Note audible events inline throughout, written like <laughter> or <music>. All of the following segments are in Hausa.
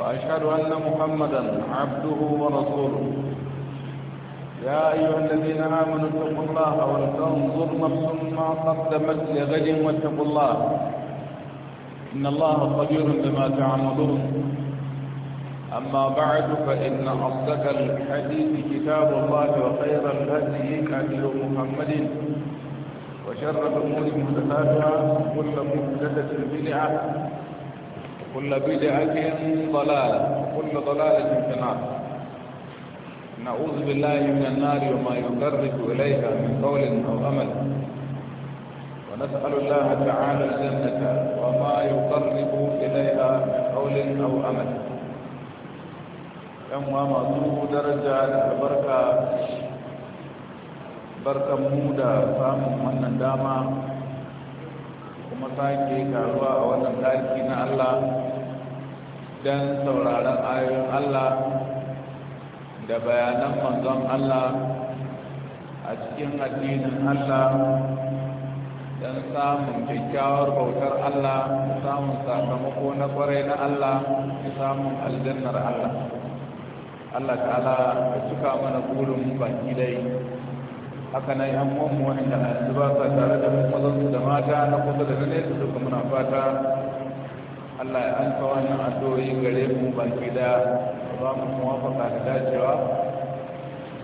وأشهد أن محمدا عبده ورسوله يا أيها الذين آمنوا اتقوا الله ولتنظر نفس ما قدمت لغد واتقوا الله إن الله خبير بما تعملون أما بعد فإن أصدق الحديث كتاب الله وخير الهدي هدي محمد وشر الأمور محدثاتها وكل محدثة بدعة كل بدعة ضلالة كل ضلالة في النار نعوذ بالله من النار وما يقرب إليها من قول أو أمل ونسأل الله تعالى الجنة وما يقرب إليها من قول أو أمل يوم ما درجة البركة بركة مودة فهم من الدامة kuma sake karuwa a wannan tariki na Allah don sauraron ayoyin Allah da bayanan manzon Allah a cikin addinin Allah don samun kyakkyawar bautar Allah da samun sakamako na kwarai na Allah da samun aljannar Allah Allah ta'ala ya cika mana burin baki dai haka na yan mu wanda a yanzu ba sa tare da mazansu da mata na kusa da su duka muna fata Allah ya ansa wannan addu'o'i gare mu baki da ba mu muwafaka da dacewa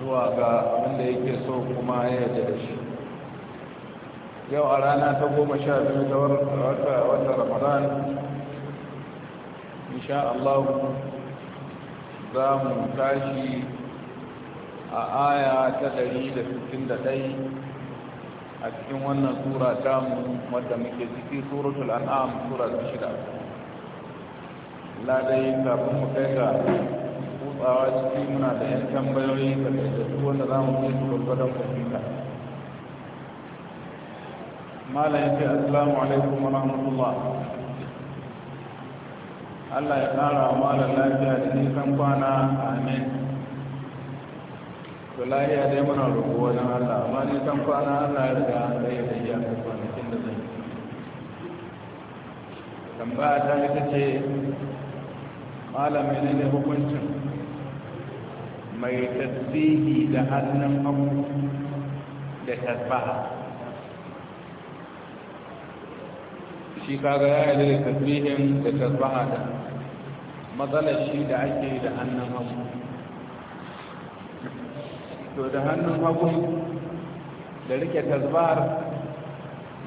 zuwa ga abin da yake so kuma ya yarda da shi yau a rana ta goma sha biyu ta wata ramadan insha Allah za mu tashi a aya ta 161 a cikin wannan tura, ta mu wadda muke ciki suratul an'am tura ta shida ladai kafin mu kai ga kutsawa ciki muna da yan tambayoyi da daidaitu wanda za mu yi su gwargwadon kwamfuta malam ya ce assalamu alaikum wa rahmatullah Allah ya kara malam lafiya da nisan kwana amin to lahiya dai muna roƙo wajen Allah amma ni kan kwana Allah ya riga an tsaye da iyakar kwanakin da zai tambaya ta ita ce malamai ne hukuncin mai tasbihi da hannun abu da tasbaha shi kaga ya yi da tasbihin da tasbaha da matsalar shi da ake da hannun abu to da hannun hagu da rike tasbar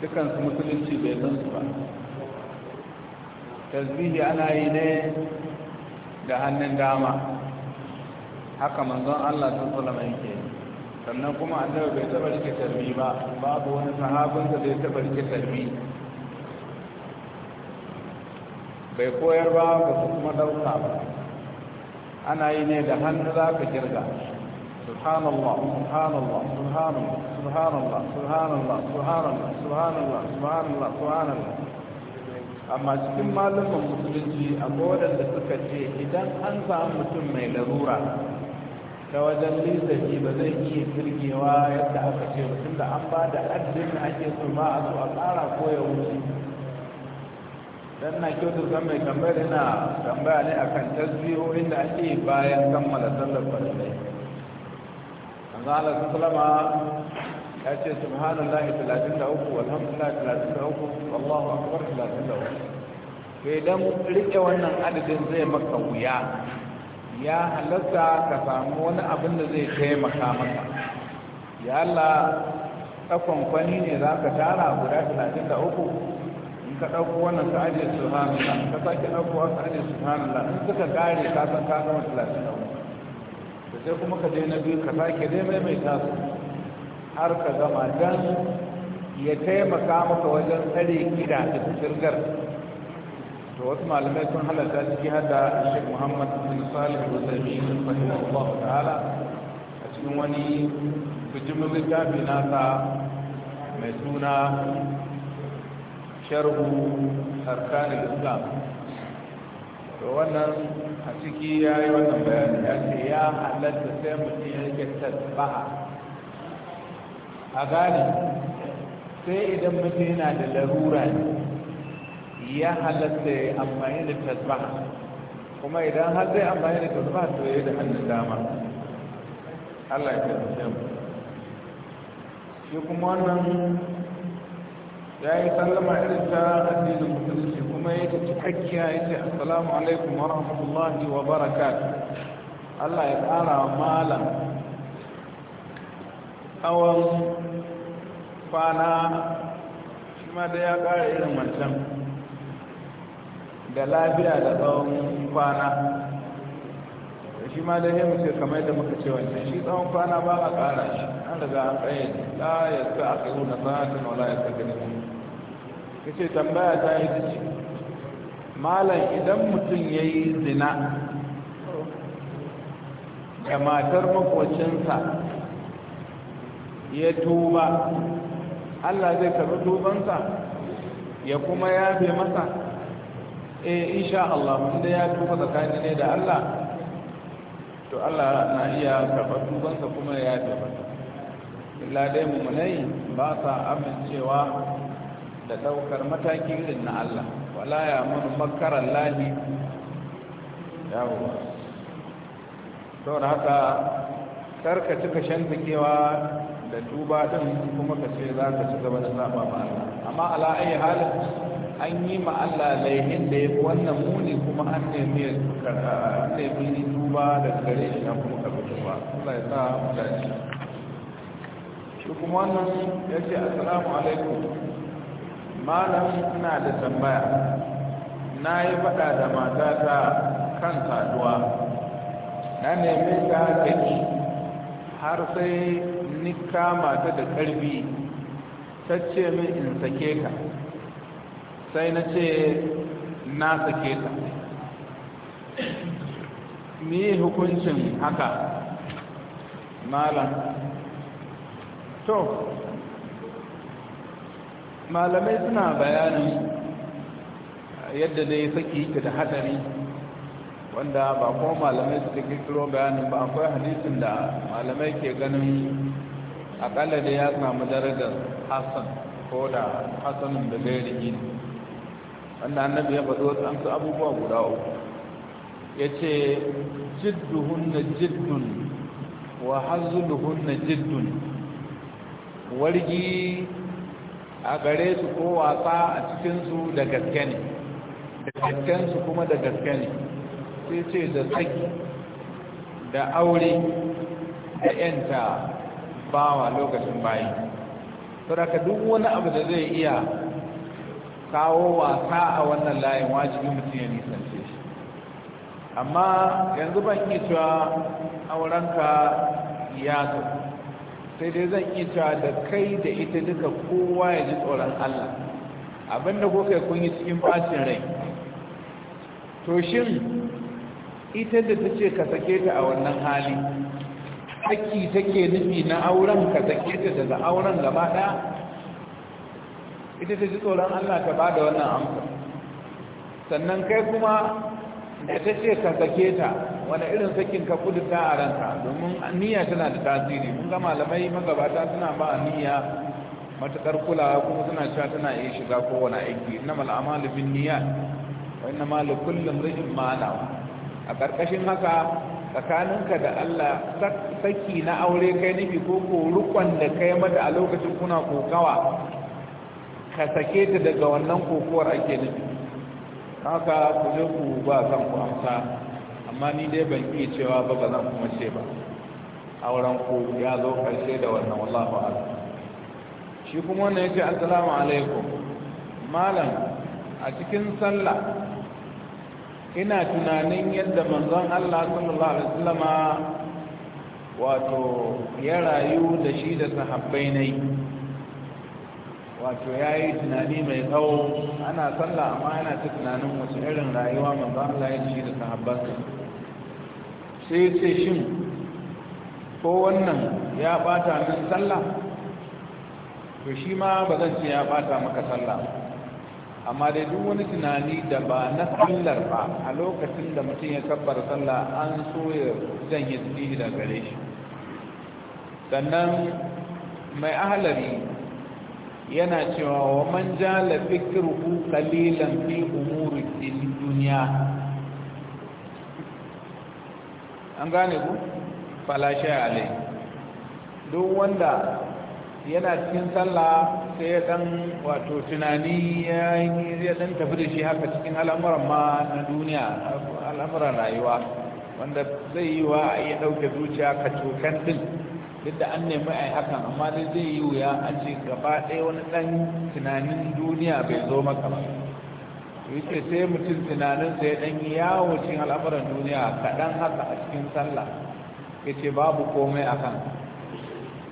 dukansu musulunci bai san su ba tasbihi ana yi ne da hannun dama haka manzon Allah sun sulama yake sannan kuma annabi bai taba rike tasbi ba babu wani sahabin da bai taba rike tasbi bai koyar ba ba su kuma dauka ba ana yi ne da hannu za ka kirga سبحان الله سبحان الله سبحان الله سبحان الله سبحان الله سبحان الله سبحان الله سبحان الله سبحان الله amma cikin malamin musulunci akwai waɗanda suka ce idan an samu mutum mai larura ta wajen lissafi ba zai iya firgewa yadda aka ce mutum da an ba da addini ake so ma a so a tsara ko ya wuce dan na kyautar mai tambayar ina tambaya ne akan tasbihohin da ake bayan kammala sallar farilai manzo Allah sallama ya ce subhanallahi 33 walhamdulillahi 33 wallahu akbar 33 sai dan rike wannan adadin zai maka wuya ya halatta ka samu wani abin da zai taimaka maka ya Allah tsakon kwani ne za ka tara guda 33 ka ɗauko wannan ka ajiye su subhanallah ka sake ɗauko wannan ka ajiye su subhanallah in suka kare ka san ka gama talatin da uku sai kuma ka je na biyu ka sake dai mai mai tasu har ka gama dan ya taimaka maka wajen tsare gida da to wasu malamai sun halatta ciki da shek muhammad bin salih al-usaimi rahimahullah ta'ala a cikin wani bijimin littafi nasa mai suna sharhu arkanul islam to wannan a ciki ya yi wannan bayani ya ce ya halatta sai mutum ya rike tasbaha a gani. sai idan mutum yana da larura ne ya halatta ya amfani da tasbaha kuma idan har zai amfani da tasbaha to ya yi da hannun dama Allah ya kasance mutum shi kuma wannan ya yi sallama irin ta da musulunci kuma ya ce cikakkiya ya ce assalamu alaikum wa rahmatullahi wa barakat Allah ya ƙara malam tsawon kwana shi ma da ya ƙara irin wancan da lafiya da tsawon kwana shi ma da ya ce kamar da muka ce wancan shi tsawon kwana ba a ƙara shi an daga an tsaye la ya sa a ƙiru na sa'atin wala ya sa ganin yace tambaya ta yi ce malam idan mutum ya yi zina da matar makocinsa ya tuba allah zai karbi tubansa ya kuma yafe masa e insha Allah inda ya tuba tsakani ne da Allah to Allah na iya kafa tubansa kuma ya yafe masa illa dai mummunai ba sa amincewa da daukar mataki irin na Allah wala ya mun makarar lahi yawo Da haka karka cika shan zakewa da tuba din kuma ka ce za ka ci gaba da zaɓa ma Allah amma ala ayi halin an yi ma Allah laihin da ya wannan muni kuma an nemi nemi tuba da gare shi na kuma ka fito ba, Allah ya sa mutane. dace shi kuma wannan ya ce assalamu alaikum malam ina da tambaya na yi faɗa da matata kan saduwa na nemi ta gani har sai ni kama ta da ƙarfi ta ce min in sake ka sai na ce na sake ka. ni hukuncin haka malam to malamai suna bayanin yadda dai saki yake da hadari wanda ba kuma malamai suka kirkiro bayanin ba akwai hadisin da malamai ke ganin akalla da ya samu darajar hassan ko da hassanin da gairiki wanda annabi ya faɗo wasu amsa abubuwa guda uku ya ce jidduhun na jiddun wa hazzuluhun na jiddun wargi a gare su ko wasa a cikinsu da gaske ne da gaskensu kuma da gaske ne sai ce da tsaki da aure da yanta bawa lokacin bayi ka duk wani abu da zai iya kawo wasa a wannan layin wajibi mutum ya nisance shi amma yanzu ban iya cewa aurenka ya tafi sai dai zan iya cewa da kai da ita duka kowa ya ji tsoron Allah abinda ko kai kun yi cikin bacin rai to shin ita da ta ce ka sake ta a wannan hali ta take nufi na auren ka sake ta daga auren gaba ɗaya ita ta ji tsoron Allah ta ba da wannan amsa sannan kai kuma da ta ce ka sake ta wani irin sakin ka kudurta a ranka domin niyya tana da tasiri mun ga malamai magabata suna ba a niyya matakar kulawa kuma suna sha tana iya shiga kowane aiki na mal'amalu lubin niyya wa inna malu kullum rashin ma'ana a ƙarƙashin haka tsakaninka da Allah saki na aure kai nufi ko ko rukon da kai mata a lokacin kuna kokawa ka sake ta daga wannan kokowar ake nufi haka ku je ku ba kan ku amsa amma ni dai ban iya cewa ba ba zan kuma ce ba auren ku ya zo karshe da wannan wallahu a'lam shi kuma wannan yace assalamu alaikum malam a cikin sallah ina tunanin yadda manzon Allah sallallahu alaihi wasallama wato ya rayu da shi da sahabbai ne wato ya yi tunani mai tsawo ana sallah amma yana ta tunanin wasu irin rayuwa manzon Allah ya shi da sahabbansa sai ce shin ko wannan ya bata min sallah to shi ma ba zan ce ya bata maka sallah amma dai duk wani tunani da ba na sallar ba a lokacin da mutum ya kabbar sallah an so ya yi tsiri da gare shi sannan mai ahalari yana cewa wa man jala fikirhu qalilan fi umuri duniya an gane ku falashe alai duk wanda yana cikin sallah sai ya dan wato tunani ya yi zai dan tafi da shi haka cikin al'amuran ma na duniya al'amuran rayuwa wanda zai yi wa a iya ɗauke zuciya ka cokan din duk da an nemi a yi hakan amma dai zai yi wuya a ce gaba ɗaya wani ɗan tunanin duniya bai zo maka ba yace sai mutum tunanin ya ɗan yawo cikin al'amuran duniya kaɗan haka a cikin sallah yace babu komai a kan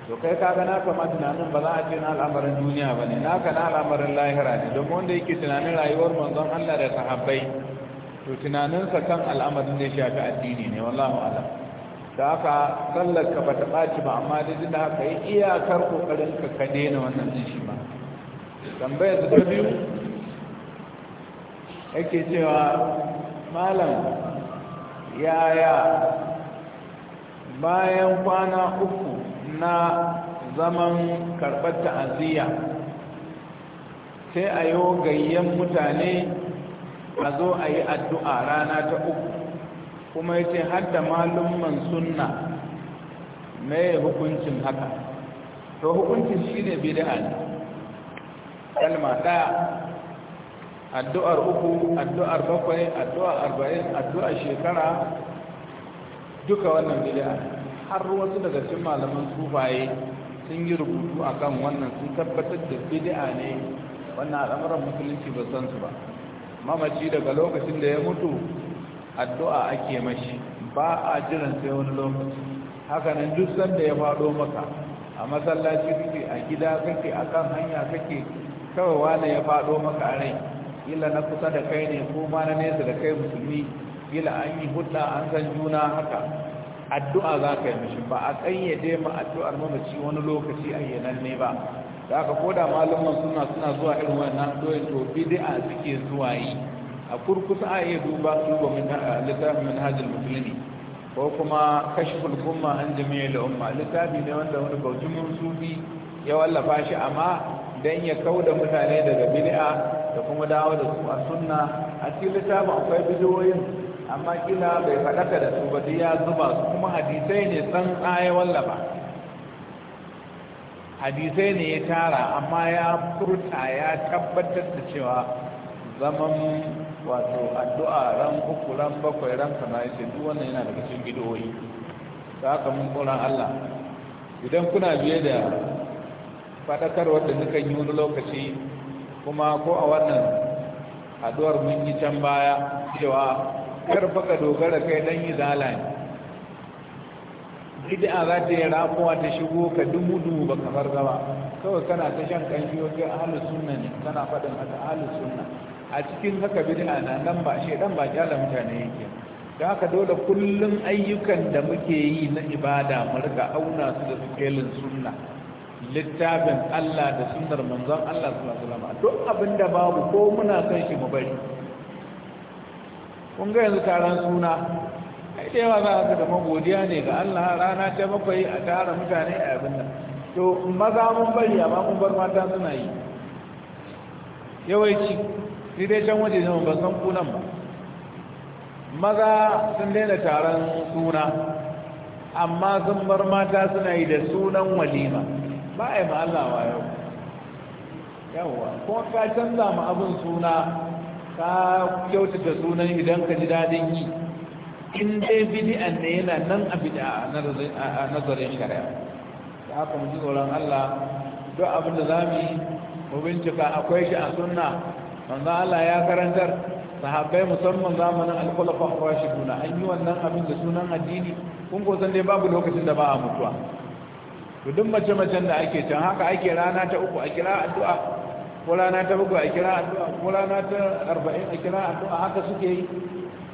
to kai kaga na kama tunanin ba za a ce na al'amarin duniya ba ne ka na al'amarin lahira ne domin wanda yake tunanin rayuwar manzon Allah da sahabbai to tunaninsa kan al'amarin da ya shafi addini ne wallahu ala da aka sallar ka bata ɓaci ba amma da jin da haka yi iyakar kokarin ka ka daina wannan din shi Tambayar da ta biyu yake cewa malam yaya bayan kwana uku na zaman karɓar ta'aziyya sai a yi gayyen mutane a zo a yi addu'a rana ta uku kuma ya ce hadda malumman sunna mai hukuncin haka to hukuncin shi ne bida ne kalma ɗaya addu'ar uku addu'ar bakwai addu'ar arba'in addu'ar shekara duka wannan gida. har wasu daga cin malaman sufaye sun yi rubutu akan wannan sun tabbatar da bidi'a ne wannan al'amuran musulunci ba san su ba mamaci daga lokacin da ya mutu addu'a ake mashi ba a jiran sai wani lokaci haka duk sanda ya faɗo maka a masallaci kake a gida kake akan hanya kake kawai wani ya faɗo maka a rai kila na kusa da kai ne ko ma na nesa da kai musulmi kila an yi hudda an san juna haka addu'a za ka yi mishi ba a kayyade ma addu'ar mamaci wani lokaci ayyananne ba da aka koda malaman suna suna zuwa irin wannan doyin to bid'a suke zuwa yi a kurkusa a iya duba duba min littafin manhajul musulmi? ko kuma kashful kuma an jami'il umma littafi ne wanda wani baujin sufi ya wallafa shi amma dan ya kauda mutane daga bid'a da kuma dawo da su a sunna a cikin littafin akwai bidiyoyin amma kila bai faɗaka da su ba dai ya zuba su kuma hadisai ne san tsaye wallafa hadisai ne ya tara amma ya furta ya tabbatar da cewa zaman wato addu'a ran uku ran bakwai ran kana yace duk wannan yana daga cikin bidiyoyi ta haka mun tsoron Allah idan kuna biye da faɗakarwar da nukan yi wani lokaci kuma ko a wannan haduwar mun yi can baya cewa karfa ka dogara kai dan yi zala ne bid'a za ta yi ramuwa ta shigo ka dubu dubu ba kamar gaba kawai kana ta shan kanshi wajen ahalus sunna ne kana faɗin haka ahalus sunna a cikin haka bid'a na nan ba shi dan ba kyala mutane yake don haka dole kullum ayyukan da muke yi na ibada mu riga auna su da sikelin sunna littafin Allah da sunnar manzon Allah sallallahu alaihi wasallam duk abinda babu ko muna san shi mu bari kun ga yanzu taron suna ai da yawa za ka da magodiya ne ga Allah rana ta bakwai a tara mutane a abin nan to maza mun bari amma mun bar mata suna yi yawanci ni dai can waje ne ba san ku nan ba maza sun daina taron suna amma sun bar mata suna yi da sunan walima ba a yi ma Allah wa yau yawwa kuma ka canza ma abin suna ka kyautata sunan idan ka ji dadin yi in dai bidi'an ne yana nan a bid'a a nazarin shari'a ya haka mu ji tsoron Allah duk abin da za mu yi mu bincika akwai shi a sunna manzo Allah ya karantar sahabbai musamman zamanin al-khulafa ar-rashiduna an yi wannan abin da sunan addini kun ko san dai babu lokacin da ba a mutuwa to duk mace-macen da ake can haka ake rana ta uku a kira addu'a ko rana ta uku a kira addu'a ko rana ta arba'in a kira addu'a haka suke yi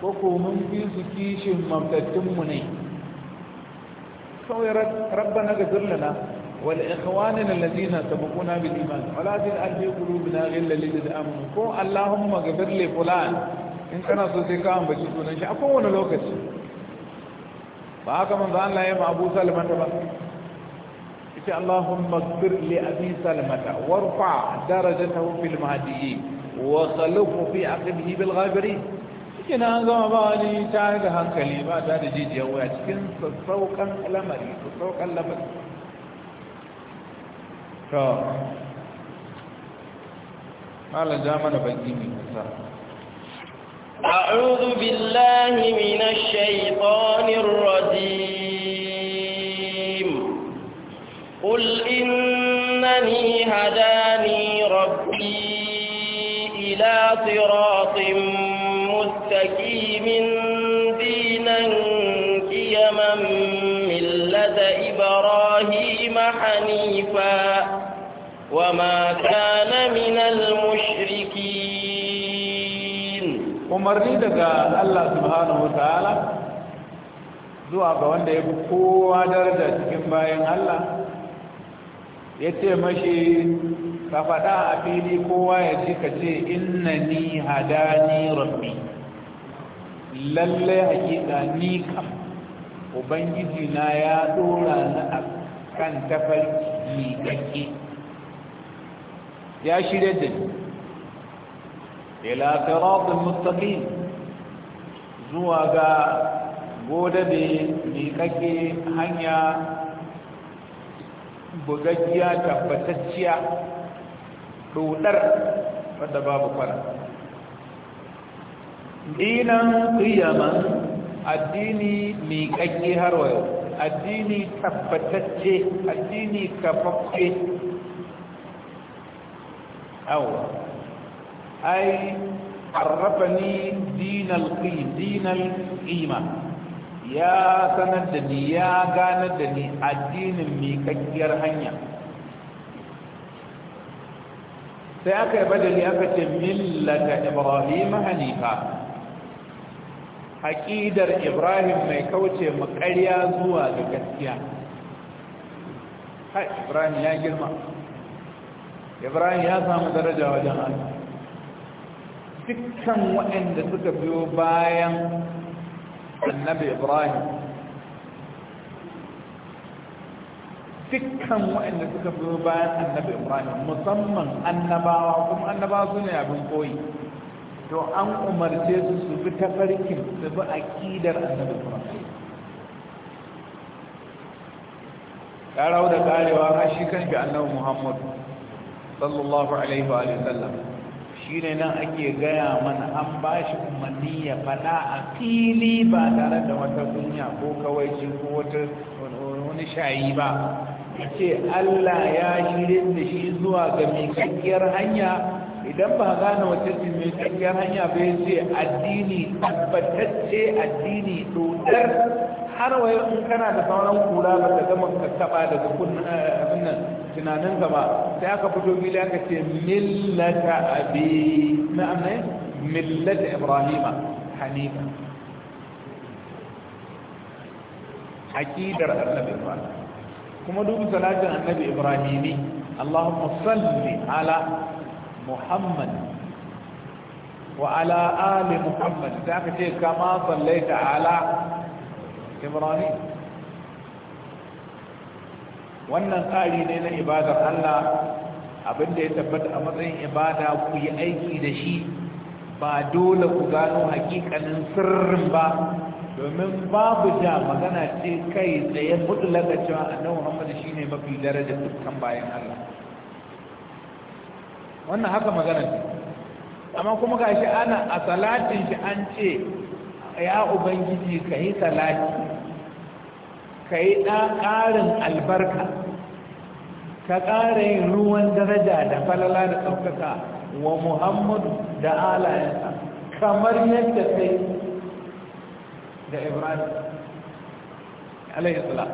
ko ko mun fi su kishin mamtattunmu ne sauyar rabba na gazir lana wal ikhwanin allazina sabaquna bil iman wala taj'al fi qulubina ghillan lil amanu ko allahumma ghfir li fulan in kana so sai ka ambaci sunan shi a kowane lokaci ba haka manzo Allah ya ma Abu Salman da ba شاء اللهم اغفر لأبي سلمة وارفع درجته في المهديين وخلفه في عقبه بالغابرين كنا انظم بالي تعالى هم كلمات هذا جيد يا ويات كن صوقا لمري صوقا لمري ما أعوذ بالله من الشيطان الرجيم قل إنني هداني ربي إلى صراط مستقيم دينا قيما ملة إبراهيم حنيفا وما كان من المشركين ومرني دقاء الله سبحانه وتعالى دعا بوانده يقول قوة درجة كما ينهى الله ya ce mashi ka faɗa a fili kowa ya ce ka ce ina ni ni rabbi lallai hakika ni kam ubangiji na ya dora na a kan tafarki kake ya shirya da ni ilafirafin mustafi zuwa ga godabe miƙaƙe hanya bugaggiya tabbatacciya rudar wadda babu fara dinan qiyaman addini mi kakki har wayo addini tabbatacce addini kafafke awa ai arrafani dinal qi dinal qima ya sanar da ni ya gane da ni addinin miƙaƙƙiyar hanya sai aka yi badali aka ce millata ibrahim hanifa aƙidar ibrahim mai kauce maƙarya zuwa ga gaskiya hai ibrahim ya girma ibrahim ya samu daraja wajen allah dukkan waɗanda suka biyo bayan annabi ibrahim dukkan waɗanda suka zo bayan annabi ibrahim musamman annabawa kuma annabawa su ne abin koyi to an umarce su su bi tafarkin su bi aƙidar annabi ibrahim ya rawu da karewa har shi annabi muhammad sallallahu ne nan ake gaya mana an ba shi umarni ya faɗa a fili ba tare da wata duniya ko kawai shi ko wata wani shayi ba a ce allah ya shirin da shi zuwa ga mai hanya idan ba gane wata ce mai kakkiyar hanya bai ce addini tabbatacce addini dodar har waye in kana da sauran kura ba ta gama ka taba daga eh, abin tunanin ka ba sai aka fito fili aka ce millata abi na'am ne millata ibrahima hanifa aqidar annabi ibrahim kuma dubi salatin annabi ibrahimi allahumma salli ala muhammad wa ala Ali Muhammad آل aka ce kama صليت على ibrahim wannan tsari ne na ibadar Allah abinda ya tabbata a matsayin ibada ku yi aiki da shi ba dole ku gano hakikanin sirrin ba domin babu da magana ce kai tsaye mutlaka cewa annabi Muhammad shine mafi daraja dukkan bayan Allah wannan haka magana ce amma kuma shi ana a salatin shi an ce ya ubangiji yi salati ka yi ƙarin albarka ka ƙara yin ruwan daraja da falala da ɗaukaka wa muhammadu da alayensa kamar yadda sai da ibrahim alayhisala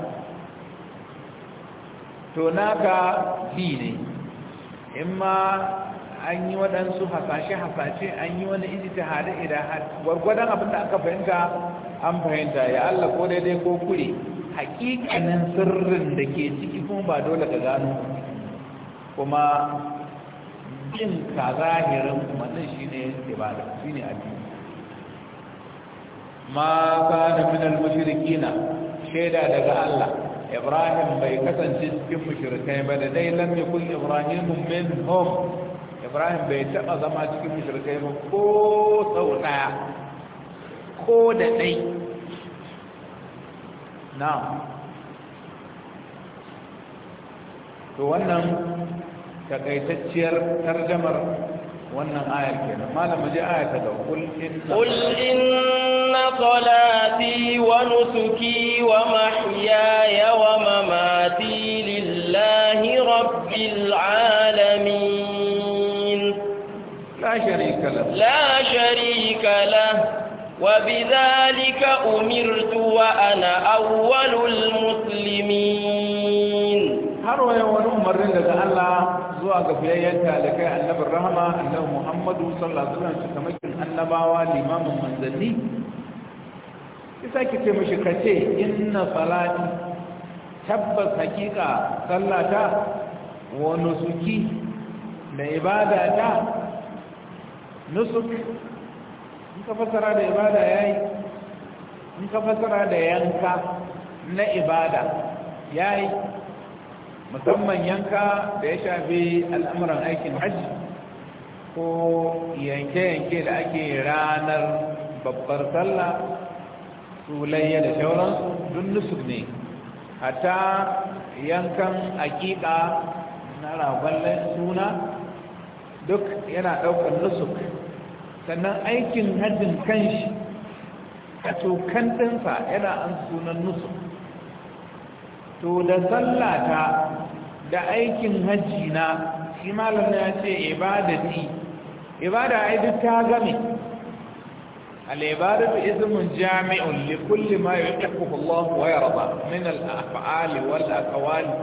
to naka bi ne in ma an yi waɗansu hasashe-hasashe an yi wani ta hada-ida gwargwadon abin aka fahimta an fahimta ya Allah ko daidai ko kure hakikanin sirrin da ke ciki kuma ba dole ka gano kuma jin ka zahirin nan shi ne da shi ne abin ma da min al-mushrikina shaida daga Allah Ibrahim bai kasance cikin mushrikai ba da dai lam yakun Ibrahim minhum Ibrahim bai taba zama cikin mushrikai ba ko sau daya ko da dai نعم فوانم تقيتتشير ترجمر وانم آية كينا ما لما جاء آية تدو قل إن قل إن صلاتي ونسكي ومحياي ومماتي لله رب العالمين لا شريك له لا شريك له وبذلك أمرت وأنا أول المسلمين har waya wani umarnin daga Allah zuwa ga fiyayyen talikai annabin Rahma, annabi Muhammadu sallallahu alaihi wasallam cikamakin annabawa limamin manzanni isa ki ce mishi kace inna salati tabbas hakika sallata wa nusuki da ta, nusuk ka fassara da ibada ya in ka fassara da yanka na ibada ya yi musamman yanka da ya shafi al'amuran aikin hajji ko yanke-yanke da ake ranar babbar sallah sulayya da shauran dun nusuf ne hata yankan aƙiƙa na ragon suna duk yana ɗaukar nusuk sannan aikin hajjin kanshi a cokan ɗinsa yana an sunan nusu to da sallata da aikin hajji na shi malam ya ce ibadati ibada ai duk ta game al-ibadatu ismun jami'un li kulli ma yuhibbu Allah wa yarda min al-af'ali wal aqwali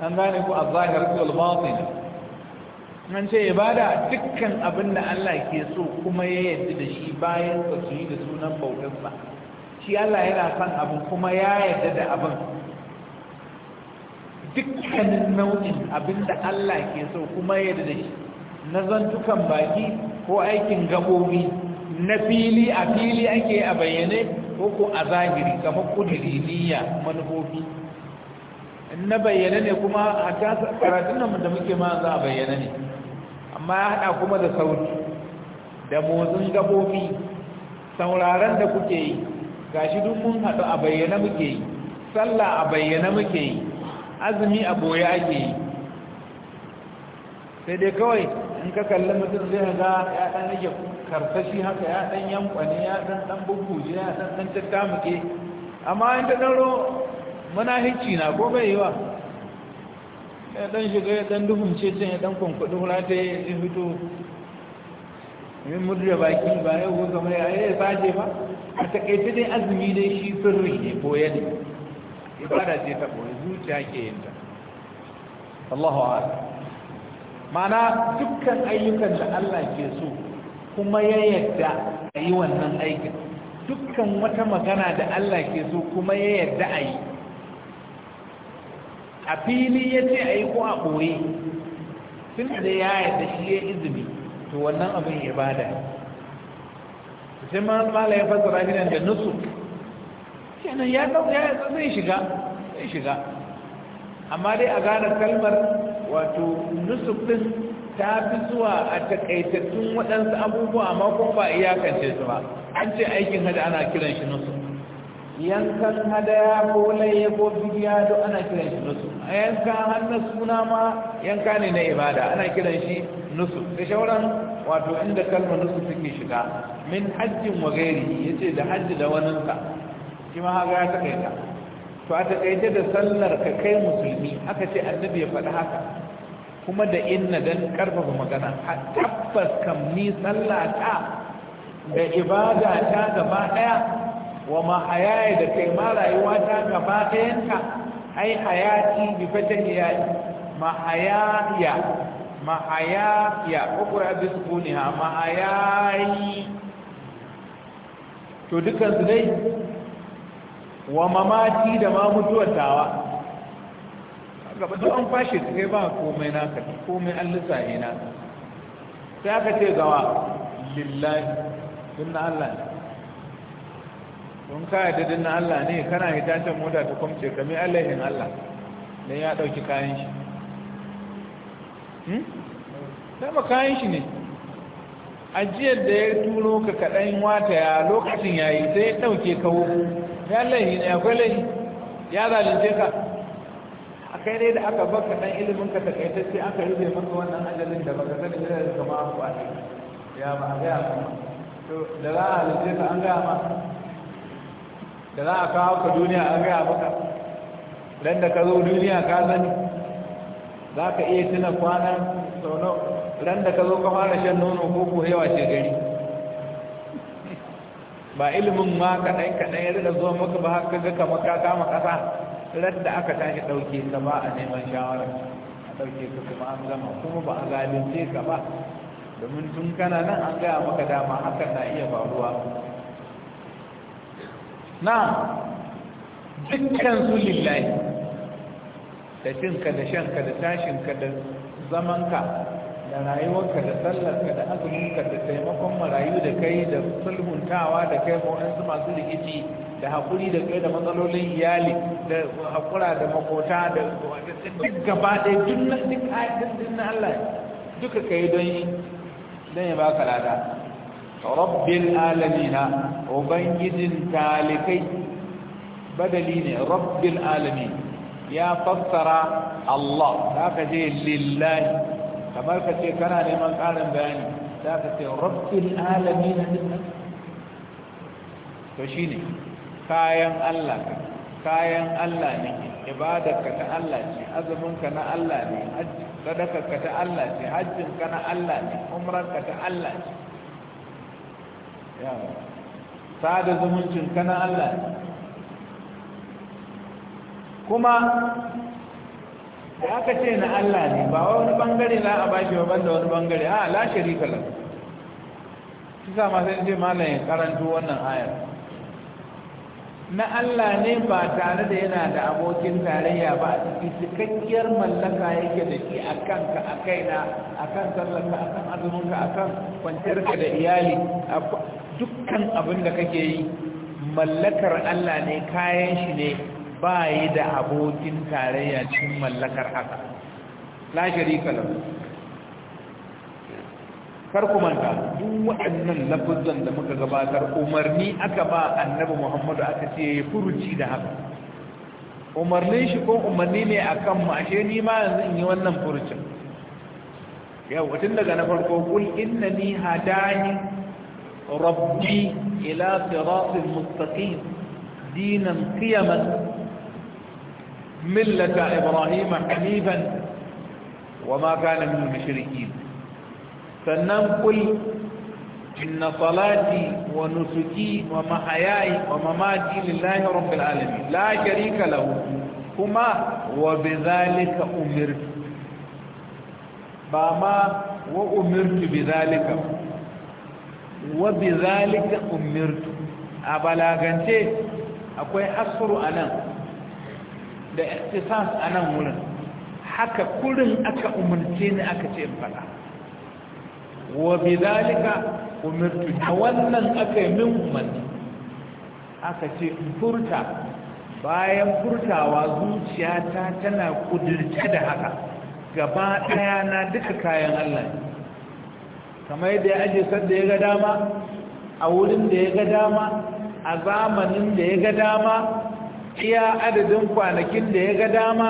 an gane ku a zahir wal ne. an ce ibada dukkan abin da Allah ke so kuma ya yarda da shi bayan ka su yi da sunan bautarsa shi Allah yana son abin kuma ya yarda da abin dukkanin nau'in abin da Allah ke so kuma ya yarda da shi na zantukan baki ko aikin gabobi na fili a fili ake a bayyane ko ko a zahiri kamar kudiri niyya manufofi na bayyane ne kuma a karatun nan da muke ma za a bayyane ne amma ya haɗa kuma da sauti da motsin gabobi sauraron da kuke yi shi duk mun haɗu a bayyana muke yi sallah a bayyana muke yi azumi a boye ake yi sai dai kawai in ka kalli mutum zai ga ya ɗan rike karsashi haka ya ɗan yankwane ya ɗan ɗan bukuje ya ɗan ɗan tattamuke amma in ta ɗaro muna hicci na ko bai yi wa ya dan shiga ya dan duhun ce can ya dan ta hulata ya fito min murya baki ba yau ko kamar ya yi sace ba a takaita dai azumi dai shi firri ne boye ne ibada ce ta boye zuciya ke yin ta Allahu akbar mana dukkan ayyukan da Allah ke so kuma ya yadda a yi wannan aikin dukkan wata magana da Allah ke so kuma ya yadda a yi a fili ya ce a yi ko a ɓoye tun da ya da shi ya izini to wannan abin ibada sai ma mala ya fasara gidan da nusu kenan ya ɗauka ya zai shiga zai shiga amma dai a gane kalmar wato nusuf ɗin ta fi zuwa a takaitattun waɗansu abubuwa amma kuma ba iyakance su ba an ce aikin hada ana kiran shi nusuf yankan hadaya ko laye ko fidiya duk ana kiran shi nusu a yanka har na suna ma yanka ne na ibada ana kiran shi nusu da shauran wato inda kalma nusu suke shiga min hajjin wa gairi ce da hajji da waninsa shi ma haka ya takaita to a takaita da sallar ka kai musulmi haka ce annabi ya faɗi haka kuma da inna dan karfafa magana A tabbas kam ni sallata? da ibada ta gaba daya wa ma hayaya da kai ma rayuwa ta gaba ɗayanka ai hayati bi fatan ya ma hayaya ma hayaya ukura bi sukuniha ma hayayi to dukkan su dai wa mamati da ma mutuwar tawa gaba duk an fashe su kai ba komai naka komai an lissa ina. sai aka ce gawa lillahi sunna Allah ne don ka yi din na Allah ne kana hitacen mota ta kwamce kami allahin Allah don ya ɗauki kayan shi dama hmm? kayan shi ne ajiyar da ya turo ka kaɗan wata ya lokacin ya yi sai ya ɗauke kawo ya allahi ne ya kwale ya zalince ka a kai dai da aka baka ɗan ilimin ka takaitacce aka rufe maka wannan ajalin da baka sani da zai kama a ya ba a gaya kuma to da za a halitta ka an gaya ma da za a kawo ka duniya an gaya maka dan da ka zo duniya ka sani za ka iya tuna kwanan sau ran da ka zo ka fara shan nono ko ko hewa ce gari ba ilimin ma kaɗan kaɗan ya rika zuwa maka ba haka ga kama ka kama ƙasa ran da aka tashi ɗauke ka ba a neman shawara a ɗauke ka kuma an gama kuma ba a zalunce ka ba domin tun kana nan an gaya maka dama hakan na iya faruwa na dukkan su lillahi da jinka da shanka da tashinka da zamanka da rayuwarka da sallarka da azuminka da taimakon marayu da kai da sulhuntawa da kai ma'ansu masu rikici da haƙuri da kai da matsalolin iyali da haƙura da makota da duk gaba ɗaya duk na duk ayyukan na Allah duka kai don yi don ya baka lada rabbil alamina ubangijin talikai badali ne rabbil alamin ya fassara Allah Za ka je lillahi kamar ka ce kana neman ƙarin bayani ka ce rabbil alamin to shi ne kayan Allah kayan Allah ne ibadarka ta Allah ce azuminka na Allah ne sadakarka ta Allah ce hajjinka na Allah ne umrarka ta Allah ce yawa sada zumuncin ka na Allah kuma da aka ce na Allah ne ba wani bangare za a bashi ba da wani bangare a la sharika lahu kisa ma sai ce malam ya karanto wannan ayar na Allah ne ba tare da yana da abokin tarayya ba a cikin cikakkiyar mallaka yake da shi a kanka a kaina a kan sallaka, a kan azuminka a kan kwanciyarka da iyali dukkan abin da kake yi mallakar Allah ne kayan shi ne ba yi da abokin tarayya cikin mallakar haka la sharika lahu karku duk waɗannan lafazan da muka gabatar umarni aka ba annabi Muhammadu aka ce ya furuci da haka umarnin shi ko umarni ne akan mu ashe ni ma yanzu in yi wannan furucin yau tun daga na farko kul innani hadani ربي إلى صراط مستقيم دينا قيما ملة إبراهيم حنيفا وما كان من المشركين فلننقل إن صلاتي ونسكي ومحياي ومماتي لله رب العالمين لا شريك له هما وبذلك أمرت بما وأمرت بذلك wa bi zalika umirtu a balagance akwai asru anan da ihtisas anan wurin haka kurin aka umarce ni aka ce in fada wa bi zalika umirtu a wannan aka yi min umarni aka ce in furta bayan furtawa zuciyata tana kudirce da haka gaba ɗaya na duka kayan Allah ne kamar yadda ya aje sadda ya ga dama a wurin da ya ga dama a zamanin da ya ga dama iya adadin kwanakin da ya ga dama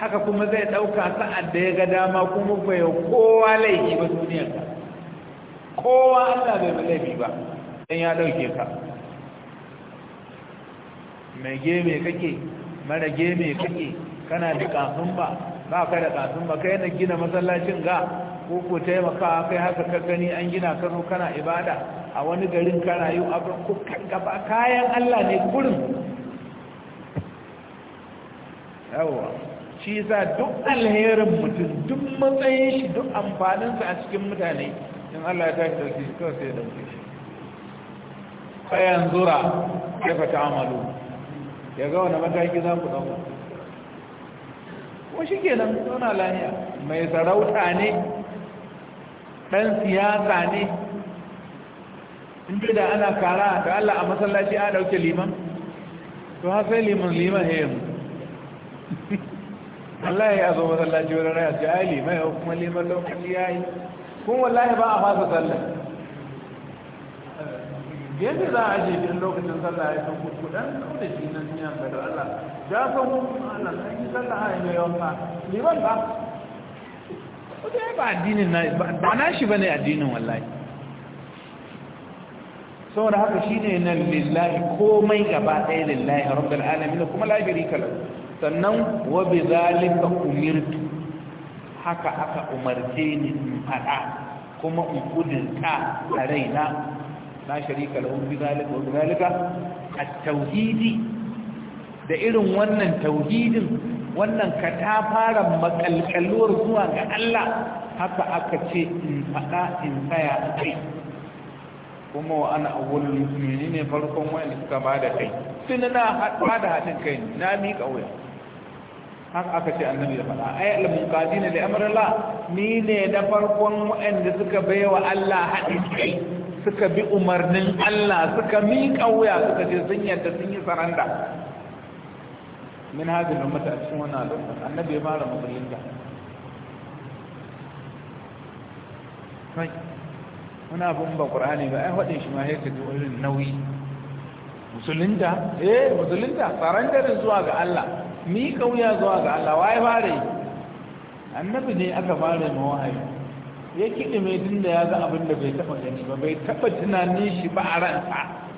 haka kuma zai ɗauka sa'ad da ya ga dama kuma bai kowa laifi ba duniyar ka kowa Allah bai ba laifi ba don ya ɗauke ka mai geme kake mara geme kake kana da kafin ba ba ka da kafin ba kai na gina masallacin ga ko ko taimakawa kai haka ka gani an gina kano kana ibada a wani garin kana yi abin gaba kayan Allah ne gurin yawa shi sa duk alherin mutum duk matsayin shi duk amfaninsa a cikin mutane in Allah ya tashi dauke shi kawai sai ya dauke shi kayan zura ya fata amalu ya ga wani mataki za ku dauka ko shi kenan suna lahiya mai sarauta ne ɗan siyasa ne inda da ana kara da Allah a masallaci a ɗauke liman to ha sai liman liman ya yi <laughs> Allah ya zo masallaci wani raya ce ai liman ya kuma liman lokaci ya yi kun wallahi ba a fasa sallah yadda za a je ɗin lokacin sallah ya san kuku ɗan kau da shi nan yan da Allah ya san kuku Allah sai yi sallah ya yi mai yawan liman ba dai ba addinin na ba na shi bane addinin wallahi saboda haka shine na lillahi komai gaba ɗaya lillahi rabbil alamina kuma la sharika sannan wa zalika umirtu haka aka umarce ni in fada kuma in kudinta a raina la sharika lahu zalika tauhidi da irin wannan tauhidin wannan ka ta fara makalkaluwar zuwa ga Allah haka aka ce in faɗa in tsaya a kai kuma wa ana awwalul mu'mini ne farkon wani suka ba da kai tun na haɗa da haɗin kai na miƙa wuya haka aka ce annabi da faɗa ai al ne da amrillah ni ne da farkon wanda suka baiwa Allah haɗin kai suka bi umarnin Allah suka miƙa wuya suka ce sun sun yi saranda min hajji na mata a cikin wannan al'umma annabi ya fara da. kai wani abin ba ƙur'ani ba ai haɗin shi ma ya ka wurin nauyi musulunta eh musulunta tsaron darin zuwa ga Allah mi kauya zuwa ga Allah waye fare annabi ne aka fara ma wahayi ya kiɗi mai tunda ya ga abin da bai taɓa gani ba bai taɓa tunanin shi ba a ransa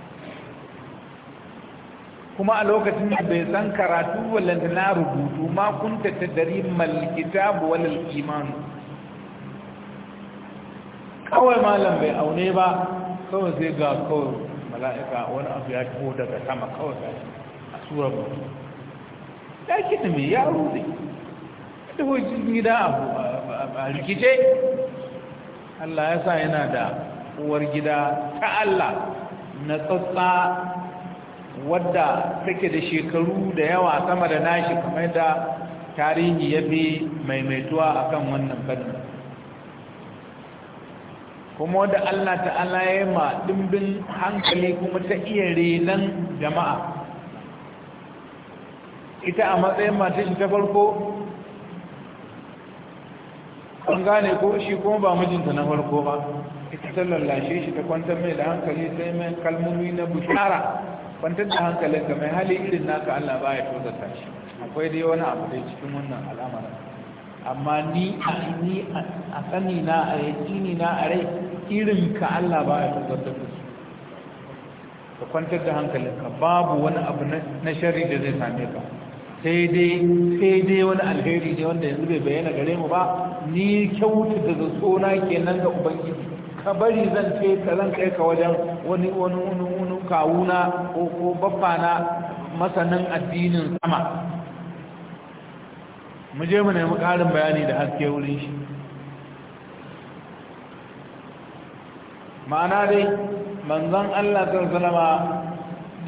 kuma a lokacin da bai san karatu wala na rubutu ma kunta tadari mal kitabu walal iman kawai malam bai aune ba kawai sai ga kawai mala'ika wani abu ya taho daga sama kawai sai a sura mutu ya kiti mai ya rude ta hujjin gida a rikice Allah ya sa yana da uwar gida ta Allah na tsatsa wadda take da shekaru da yawa sama da nashi kamar da tarihi ya fi maimaituwa a kan wannan fadin kuma wadda allah ta'ala ya ma dimbin hankali kuma ta iya renon jama'a ita a matsayin shi ta farko an gane ko shi kuma ba mijinta na farko ba ita ta lallashe shi ta kwantar mai da hankali sai mai kalmomi na bushara kwantar da hankalinka mai hali irin naka Allah ba ya tozarta shi akwai dai wani abu dai cikin wannan al'amara amma ni a ni a sani na a ni na a rai irin ka Allah ba ya tozarta su ka kwantar da hankalinka babu wani abu na shari da zai same ka sai dai wani alheri ne wanda yanzu bai bayyana gare mu ba ni kyautu da na kenan ga ubangiji ka bari zan ce ka zan kai ka wajen wani wani wani kawuna ko ko babbana masanin addinin sama mu je mu nemi ƙarin bayani da haske wurin shi ma'ana dai manzon Allah sallama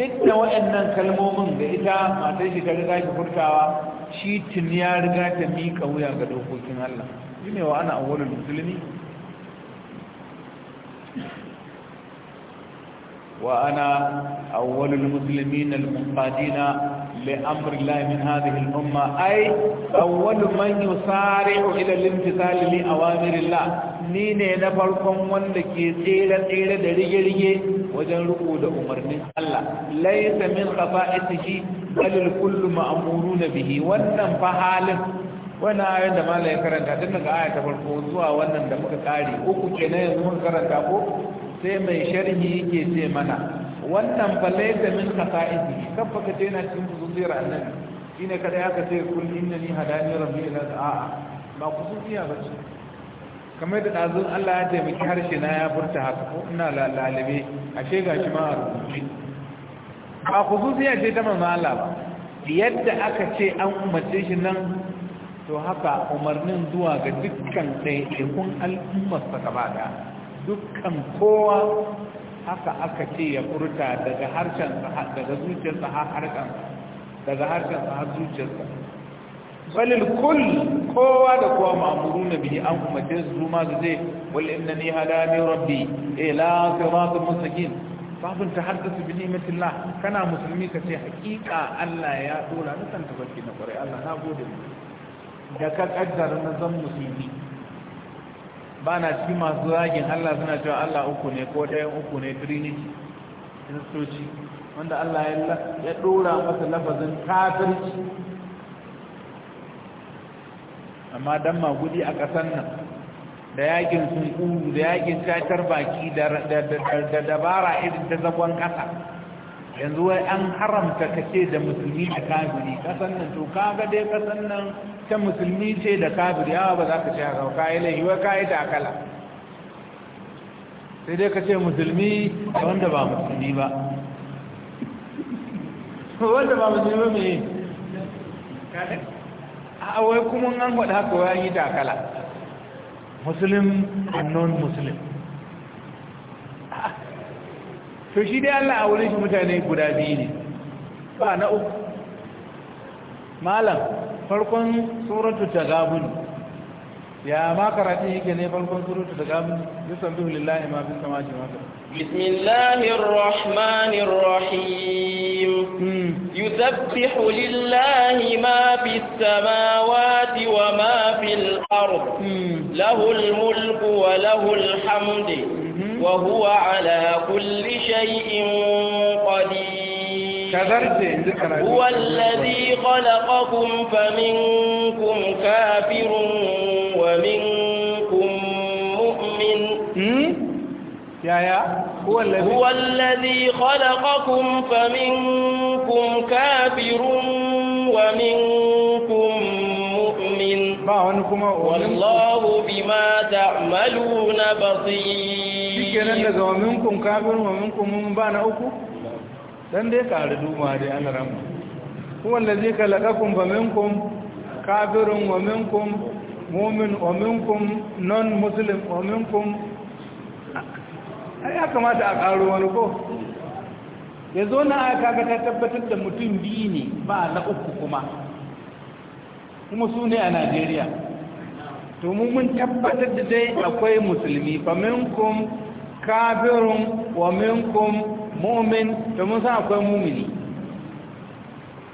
duk da waɗannan kalmomin da ita matar shi ta riga shi furtawa shi tun ya riga ta mika wuya ga dokokin Allah shi ne wa ana awwalul musulmi وأنا أول المسلمين المنقادين لأمر الله من هذه الأمة أي أول من يسارع إلى الامتثال لأوامر الله نيني نفركم وانك يسير سير درجة رجة وجنرقوا لأمر من الله ليس من خفائته بل الكل مأمورون به وانم فحاله wannan ayoyin da mala ya karanta tun daga aya ta farko zuwa wannan da muka kare uku kenan yanzu muka karanta ko sai mai sharhi yake ce mana wannan fa laysa min qasa'idi kafa ka ce na cikin zuciyar annabi shine kada aka ce kul innani hadani rabbi ila a'a ba iya ba ce kamar da dazun Allah ya taimaki harshe na ya furta haka ko ina lalabe ashe gashi ma a rubuce ba iya ce ta mamma Allah ba yadda aka ce an umarce shi nan to haka umarnin zuwa ga dukkan kun al'ummar sa gaba daya dukkan kowa haka aka ce ya furta daga harshensa daga zuciyarsa har harkansa daga harshensa har zuciyarsa balil kull kowa da kowa ma'amuru na bihi an umarce su zuma su ce wal inna ni hadani rabbi ila siratal mustaqim babun ta su bi nimatillah kana musulmi ka ce haƙiƙa Allah ya dora ni san tabbaci na ƙwarai Allah na gode da ka kaddara na zan musulmi ba na cikin masu zagin Allah suna cewa Allah uku ne ko ɗayan uku ne trinity kiristoci wanda Allah ya ɗora masa lafazin kafirci amma dan magudi a ƙasar nan da yakin sunkuru da yakin cacar baki da dabara irin ta zagon ƙasa yanzu wai an haramta kace da musulmi a kafiri ƙasar nan to kaga dai ƙasar nan ta musulmi ce da kafir yawa ba za ka ce haka ka yi laihi wa ka yi takala sai dai ka ce musulmi da wanda ba musulmi ba <laughs> wanda ba musulmi ba mai a wai kuma an gwada haka wa yi takala muslim and non-muslim <laughs> to shi dai Allah a wurin shi mutane guda biyu ne ba na uku malam farkon suratul tagabun ya ma karati yake ne farkon suratul tagabun bismillahi lillahi ma fis samawati wa fil بسم الله الرحمن الرحيم يسبح لله ما في السماوات وما في الأرض له الملك وله الحمد وهو على كل شيء kazarce inji karatu wallazi khalaqakum faminkum kafirun wa minkum mu'min yaya wallazi wallazi khalaqakum kafirun wa minkum mu'min ba bima ta'maluna basir na uku dan dai ƙari duma dai an ramu kuma lazi kalakakun ba minkum kafirin wa mumin wa non-muslim wa Ai ya kamata a ƙaro wani ko ya zo na aka ga ta tabbatar da mutum biyu ne ba na uku kuma kuma su ne a najeriya to mun tabbatar da dai akwai musulmi faminkun, kafirin, kafirun wa mu'min domin san akwai mumini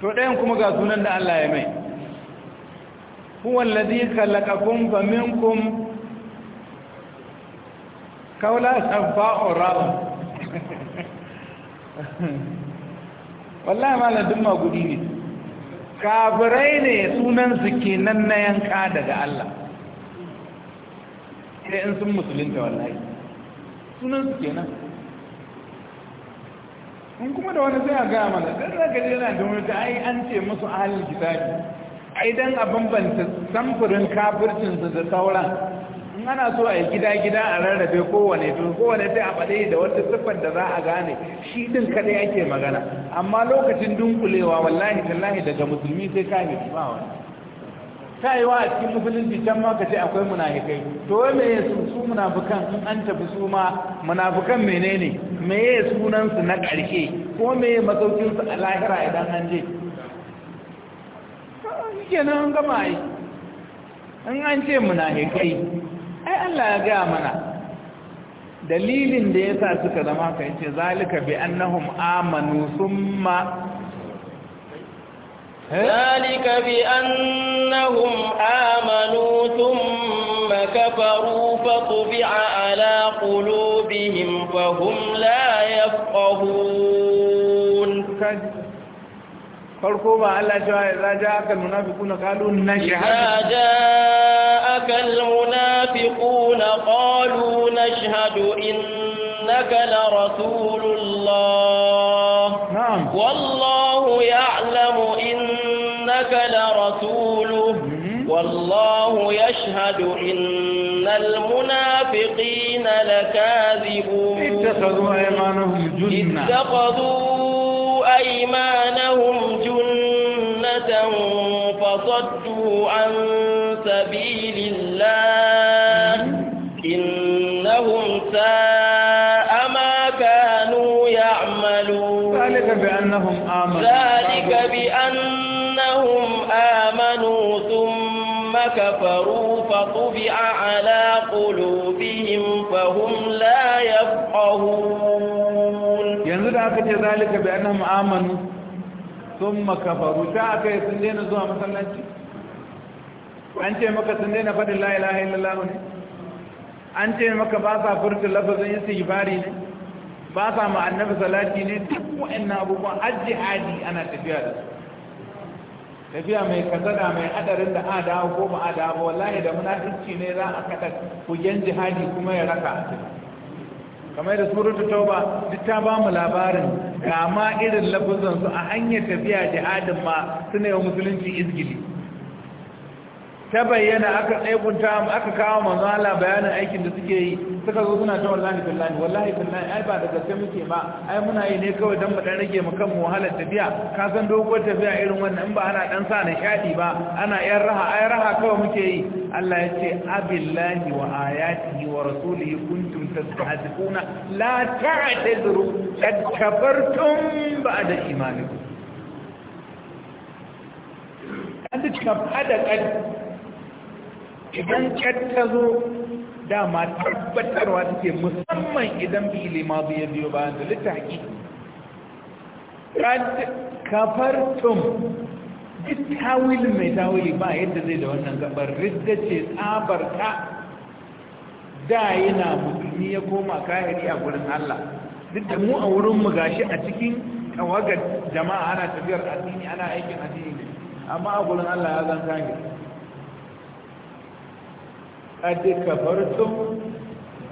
to ɗayan kuma ga sunan da Allah ya mai huwa allazi khalaqakum minkum kaula sabba'a rabb <laughs> wallahi malam duk gudi ne kafirai ne sunan su kenan na yanka daga Allah sai in sun musulunta wallahi sunan su kenan in kuma da wani sai a gaya mana don za ka yana da wani ai an ce musu ahalin kitabi ai idan a bambanta samfurin su da sauran in ana so a yi gida-gida a rarrabe kowane to kowane sai a faɗe da wata siffar da za a gane shi din kaɗai ake magana amma lokacin dunkulewa wallahi tallahi daga musulmi sai ka yi ba wani ta yi wa a cikin musulunci can ma ka ce akwai munafikai to wai me su su munafukan in an tafi su ma munafukan menene meye sunansu na ƙarshe ko meye masaukinsu a lahira idan an je kenan an gama yi an an ce munafikai ai Allah ya gaya mana dalilin da ya sa suka zama ka ce zalika bi annahum amanu summa ذلك بأنهم آمنوا ثم كفروا فطبع على قلوبهم فهم لا يفقهون فرقوا على الله إذا جاءك المنافقون قالوا نشهد إذا جاءك المنافقون قالوا نشهد إنك لرسول الله نعم والله يعلم إنك لرسوله والله يشهد إن المنافقين لكاذبون اتخذوا أيمانهم جنة اتخذوا أيمانهم جنة فصدوا عن سبيل الله إنهم ساء ما كانوا يعملون ذلك بأنهم آمنوا ذلك بأنهم kafaru fa yanzu da aka ce za a lika bi an sun ma kafaru ta a kai sun daina zuwa masallaci an ce maka sun daina faɗin la ilaha illallah an ce maka ba sa furta lafazin yin su yi bari ne ba sa ma annabi salati ne duk wa'in na abubuwa ajiye ana tafiya da su. tafiya mai kazana mai hadarin da ada ko ba ada ba wallahi da munafici ne za a kada kujen jihadi kuma ya raka a kamar da suratul tauba duk ta ba mu labarin ga ma irin lafazan su a hanyar tafiya jihadin ma suna yi musulunci izgili ta bayyana aka tsaikunta aka kawo manzo Allah bayanin aikin da suke yi suka zo suna ta wallahi billahi wallahi billahi ai ba da gaske muke ba ai muna yi ne kawai dan mu dan rage mu kan wahalar tafiya ka san doguwar tafiya irin wannan in ba ana dan sa nishadi ba ana yan raha ai raha kawai muke yi Allah ya ce abillahi wa ayatihi wa rasulihi kuntum tastahziquna la ta'tadru kad kafartum ba'da imanikum kad kafartum idan ƙyatta zo dama tabbatarwa take musamman idan bi limazu ya biyo bayan da littafi tum. duk tawilin mai tawili ba yadda zai da wannan gabar ridda ce tsabar da yana musulmi ya koma kayari a gurin Allah duk da mu a wurinmu gashi a cikin kawagar jama'a ana tafiyar addini ana aikin addini amma a gurin Allah ya zan kahiri قد كفرتم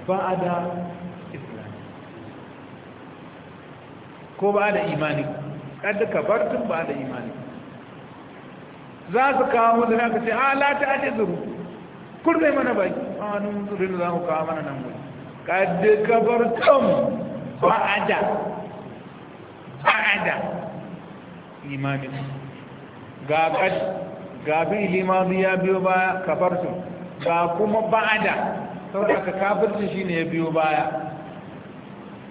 بعد إسلام ko ba da imani kada kafartun bar tun ba da imani za su kawo musu na ka ce a lati a ce zuru kurbe mana bai a wani zurin za ku kawo mana nan wuri kada kafartun bar tun ba a da ba a da imani ga kad ga bi ya biyo ba kafartun. ba kuma ba'ada saboda ka kafirci ne ya biyo baya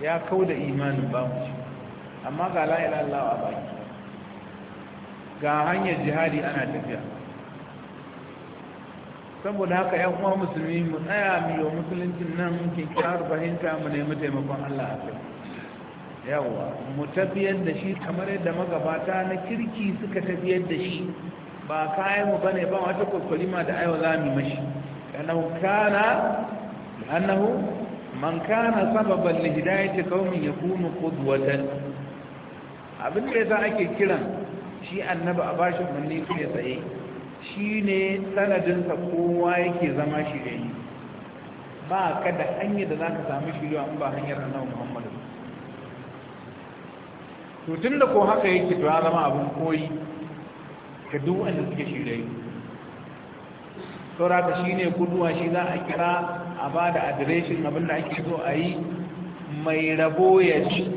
ya kau da imanin ba mu amma ga la'ila Allah ga hanyar jihadi ana tafiya saboda haka ya kuma musulmi mu tsaya mu yi nan musuluncin nan kyakkyawar fahimta mu nemi taimakon Allah a yawa mu tafiyar da shi kamar yadda magabata na kirki suka tafiyar da shi ba kayan mu bane ba wata kokkolima da aiwa za mu mashi annahu kana annahu man kana sababan li hidayati qaumin yakunu qudwatan abin da yasa ake kiran shi annabi a bashi manne kai tsaye shine sanadin sa kowa yake zama shi da yi ba ka da hanyar da zaka samu shi in ba hanyar annabi Muhammad to tunda ko haka yake to ya zama abin koyi ga duk wanda suke shi saura ta shi ne kuduwa shi za a kira a ba da adireshin abin da ake so a yi mai rabo ya ci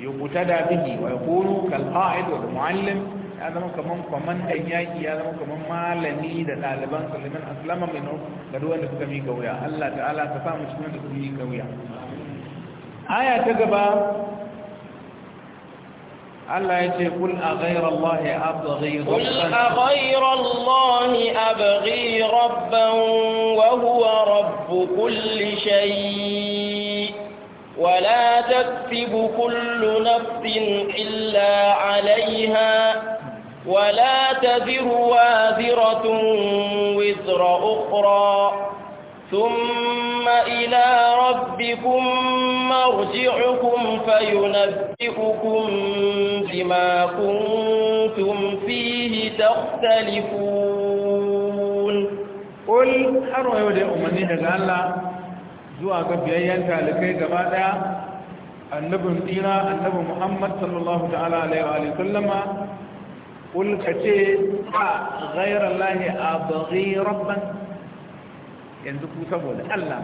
yubuta da bihi wa yakunu kal qa'id wal muallim ya zama kaman kwamandan yaki ya zama kaman malami da ɗaliban sulaiman aslama mai nau ga duk wanda suka mika wuya Allah ta'ala Ta sa mu cikin da suka mika wuya aya ta gaba ألا يتي قل أغير الله أبغي ربا قل أغير الله أبغي ربا وهو رب كل شيء ولا تكسب كل نفس إلا عليها ولا تذر واذرة وزر أخرى ثم إلى ربكم مرجعكم فينبئكم بما كنتم فيه تختلفون قل har yau umarni daga Allah zuwa ga biyayyen talikai gaba daya annabin dina annabi Muhammad sallallahu ta'ala alaihi wa a قل كتي غير الله أبغي ربا ينزكو سبول الله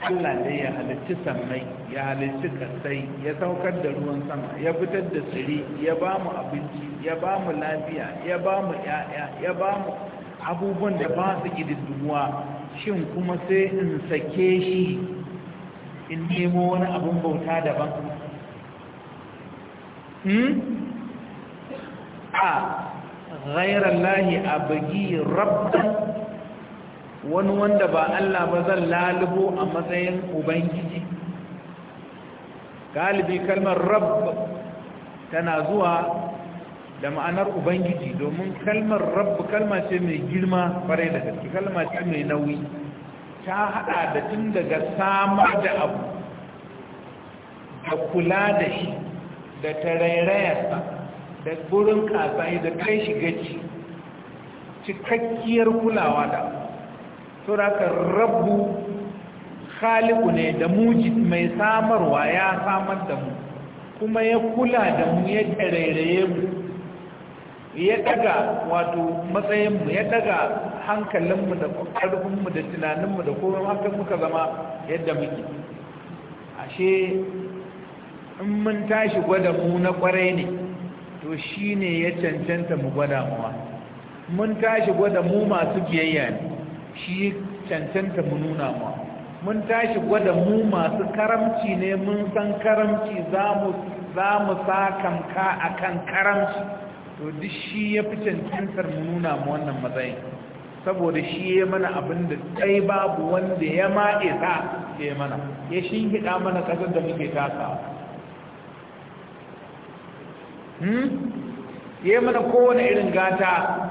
Allah ne ya halicci sammai ya halicci kasai ya saukar da ruwan sama ya fitar da tsiri ya ba mu abinci ya ba mu lafiya ya ba mu ya'ya ya ba mu abubuwan da ba su ƙididduwa shin kuma sai in sake shi in nemo wani abin bauta daban hmm? a ghairallahi a rabban wani wanda ba Allah ba zan lalubo a matsayin ubangiji galibi kalmar rabb tana zuwa da ma'anar ubangiji domin kalmar rabb kalma ce mai girma kwarai da gaske kalma ce mai nauyi ta haɗa da tun daga samar da abu da kula da shi da tarairayarsa da gurin kasai da kai shi gaci cikakkiyar kulawa da abu so da aka rabu khaliku ne da muji mai samarwa ya samar da mu kuma ya kula da mu ya ƙarairaye mu ya daga wato matsayinmu ya daga hankalinmu da ƙarfinmu da tunaninmu da komai haka muka zama yadda muke ashe in mun tashi gwada mu na kwarai ne to shi ne ya cancanta mu gwada muwa mun tashi gwada mu masu biyayya ne shi cancanta mu nuna ma mun tashi gwada mu masu karamci ne mun san karamci za mu sakamka a kan karamci to duk shi ya fi cancantar mu nuna ma wannan matsayin saboda shi ya mana abin da tsaye babu wanda ya isa ya mana ya shingida mana ƙasar da muke tasa hmm? ya mana kowane irin gata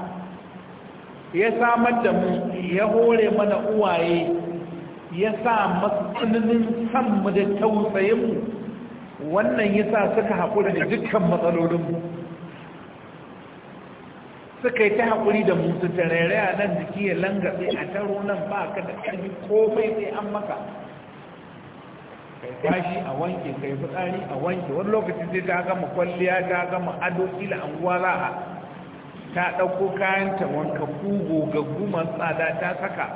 ya samar da mu ya hore mana uwaye ya sa tsananin sanmu da tausayinmu wannan ya sa suka haƙuri da dukkan matsalolinmu suka yi ta haƙuri da musu tarere a nan jiki ya langatse a taro nan ba ka da ƙarfi komai sai an maka kai tashi a wanke kai fitsari a wanke wani lokaci sai ta gama kwalliya ta gama ado kila an za a ta ɗauko kayanta wanka kugo ga guman tsada ta saka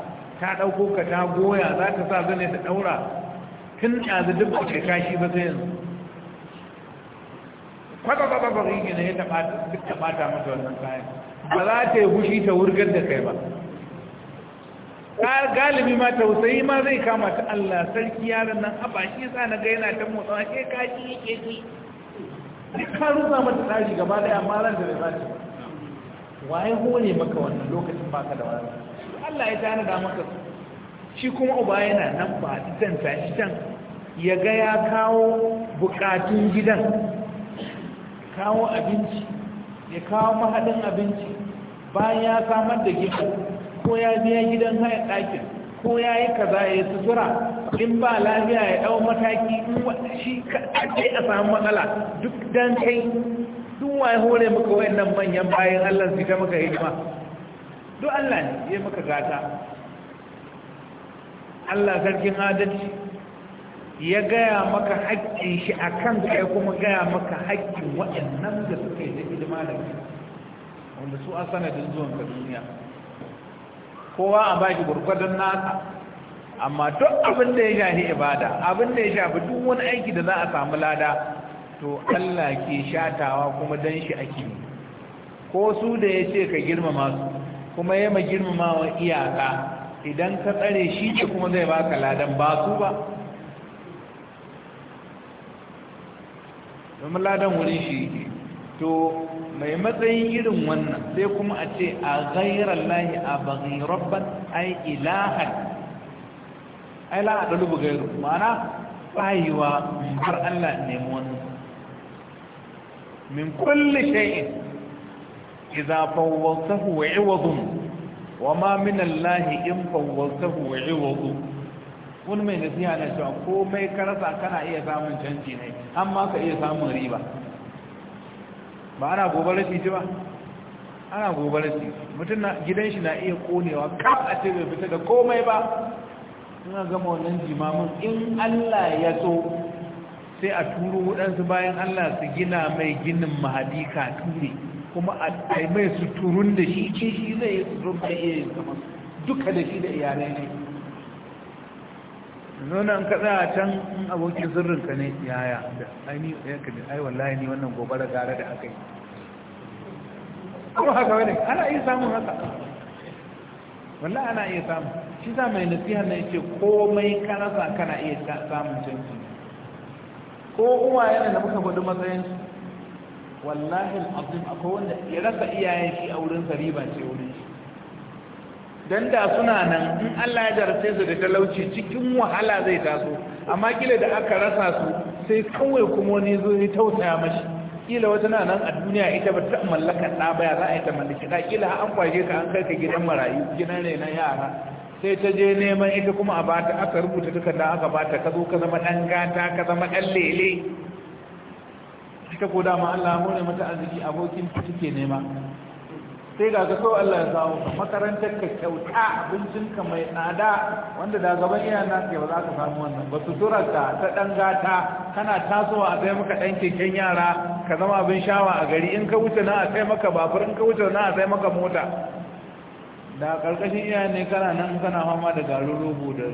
ta ɗauko ka ta goya za ta sa zane ta ɗaura tun ɗazu duk ba ta kashi ba sai yanzu kwata ba ba ba ne ya ta mata wannan kayan ba za ta yi gushi ta wurgar da kai ba galibi ma tausayi ma zai kama ta Allah sarki yaron nan a baki sa na ga yana ta motsa ke kashi yake ji duk ka rusa mata tashi gaba da yamma ran da bai ba waye hore maka wannan lokacin baka da wani Allah ya tana da maka shi kuma uba yana nan ba a ta can ya ga ya kawo bukatun gidan kawo abinci ya kawo mahadin abinci bayan ya samar da gidan ko ya biya gidan haya ɗakin ko ya yi kaza ya sutura in ba lafiya ya ɗau mataki in shi ake a samu matsala duk dan kai waye hore maka wayannan manyan bayan Allah su ta maka hidima duk Allah ne ya maka gata Allah sarkin adalci ya gaya maka haƙƙin shi a kanka ya kuma gaya maka haƙƙin waɗannan da suka yi da hidima da shi wanda su a sanadin zuwan ka duniya kowa a baki gurgurdan nasa amma duk abin da ya shafi ibada abin da ya shafi duk wani aiki da za a samu lada to Allah ke shatawa kuma dan shi ake ko su da ya ce ka girmama su kuma yama girmamawa iyaka idan ka tsare shi ce kuma zai baka ladan ba su ba domin ladan wurin shi to mai matsayin irin wannan sai kuma a ce a gairar lahi a bagi rabban ai ilahan ai la'adalu bugairu ma'ana bayiwa har Allah nemi wani من كل شيء إذا فوضته wa وما wa الله إن فوضته in fawwaltahu wa 'iwadun wani mai nasiya na cewa komai karasa kana iya samun canji ne amma ka iya samun riba ba ana gobarar shi ba ana gobe shi mutum na gidan shi na iya konewa kaf a ce bai fita da komai ba suna gama wannan jimamin in Allah ya so sai a turo waɗansu bayan Allah su gina mai ginin mahadi ka ture kuma a mai su turun da shi ce shi zai yi da iya yin kamar duka da shi da iyalai ne nuna ka a can in abokin sirrinka ne yaya da aini yanka da ai layani ne wannan gobara gara da aka yi Kuma haka wani ana iya samun haka wallah ana iya samun shi za mai nasiha na yake komai karasa kana iya samun canji ko uwa yana da muka gudu matsayin wallahi al'azim akwai wanda ya rasa iyayen shi a wurin sa riba ce wurin shi dan da suna nan in Allah ya jarce su da talauci cikin wahala zai taso amma kila da aka rasa su sai kawai kuma wani zo ya tausaya mashi kila wata na nan a duniya ita ba ta mallaka ɗa ba ya za a yi ta mallaki ɗa kila an kwaje ka an kai ka gidan marayu gidan na yara sai ta je neman ita kuma a bata aka rubuta da aka bata ka zo ka zama ɗan gata ka zama ɗan lele ita ko dama Allah mu ne mata arziki abokin ta take nema sai ga ka so Allah ya samu makarantar ka kyauta abincin ka mai tsada wanda da gaban iya na ke ba za ka samu wannan ba sutura ta ta dan gata kana tasowa a sai maka dan keken yara ka zama abin shawa a gari in ka wuce na a sai maka babur in ka wuce na a sai maka mota da karkashin iya ne kana nan kana fama da garin rogo da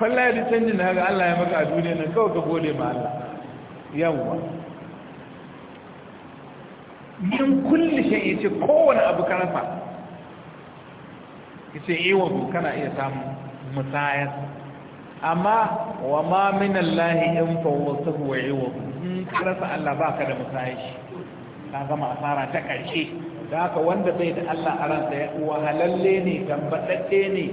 wallahi da canjin da haka Allah ya maka a duniya nan kawai ka gode ma Allah yawwa min kulli ya ce kowane abu karfa ya ce eh wa kana iya samu musayar amma wa ma min Allah in fa wa in wa Allah in ka rasa Allah baka da musayar ka gama asara ta ƙarshe da haka wanda bai da Allah a ransa ya wahalalle ne tambaɗaɗɗe ne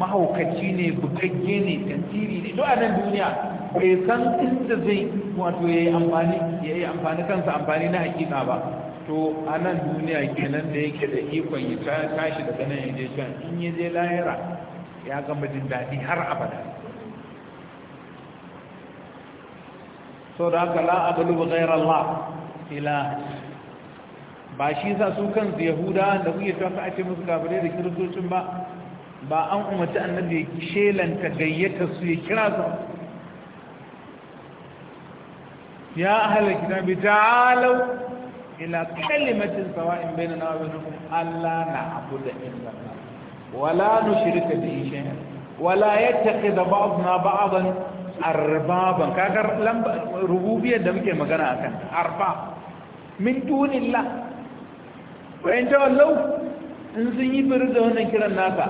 mahaukaci ne bugagge ne tantiri ne duk a nan duniya bai san inda zai wato ya yi amfani ya amfani kansa amfani na hakika ba to a nan duniya kenan da yake da ikon ya tashi daga nan ya je can in ya je lahira ya gama jin daɗi har abada so da haka la abulu ghairar Allah ila. ba shi sa su kansu yahudawan da kuke ta a ake musu kafirai da kiristocin ba ba an umarci annabi ya shelanta gayyata su ya kira su ya ahalar bi ta'alau ila kalimatin sawa'in bainana wa bainakum alla na'budu illa Allah wala nushrika bihi shay'an wala ba yattakhidha ba'duna ba'dan arbaban kaga lamba rububiyyar da muke magana a akan arba min dunillah bayan tawallau in sun yi firin da wannan kiran nasa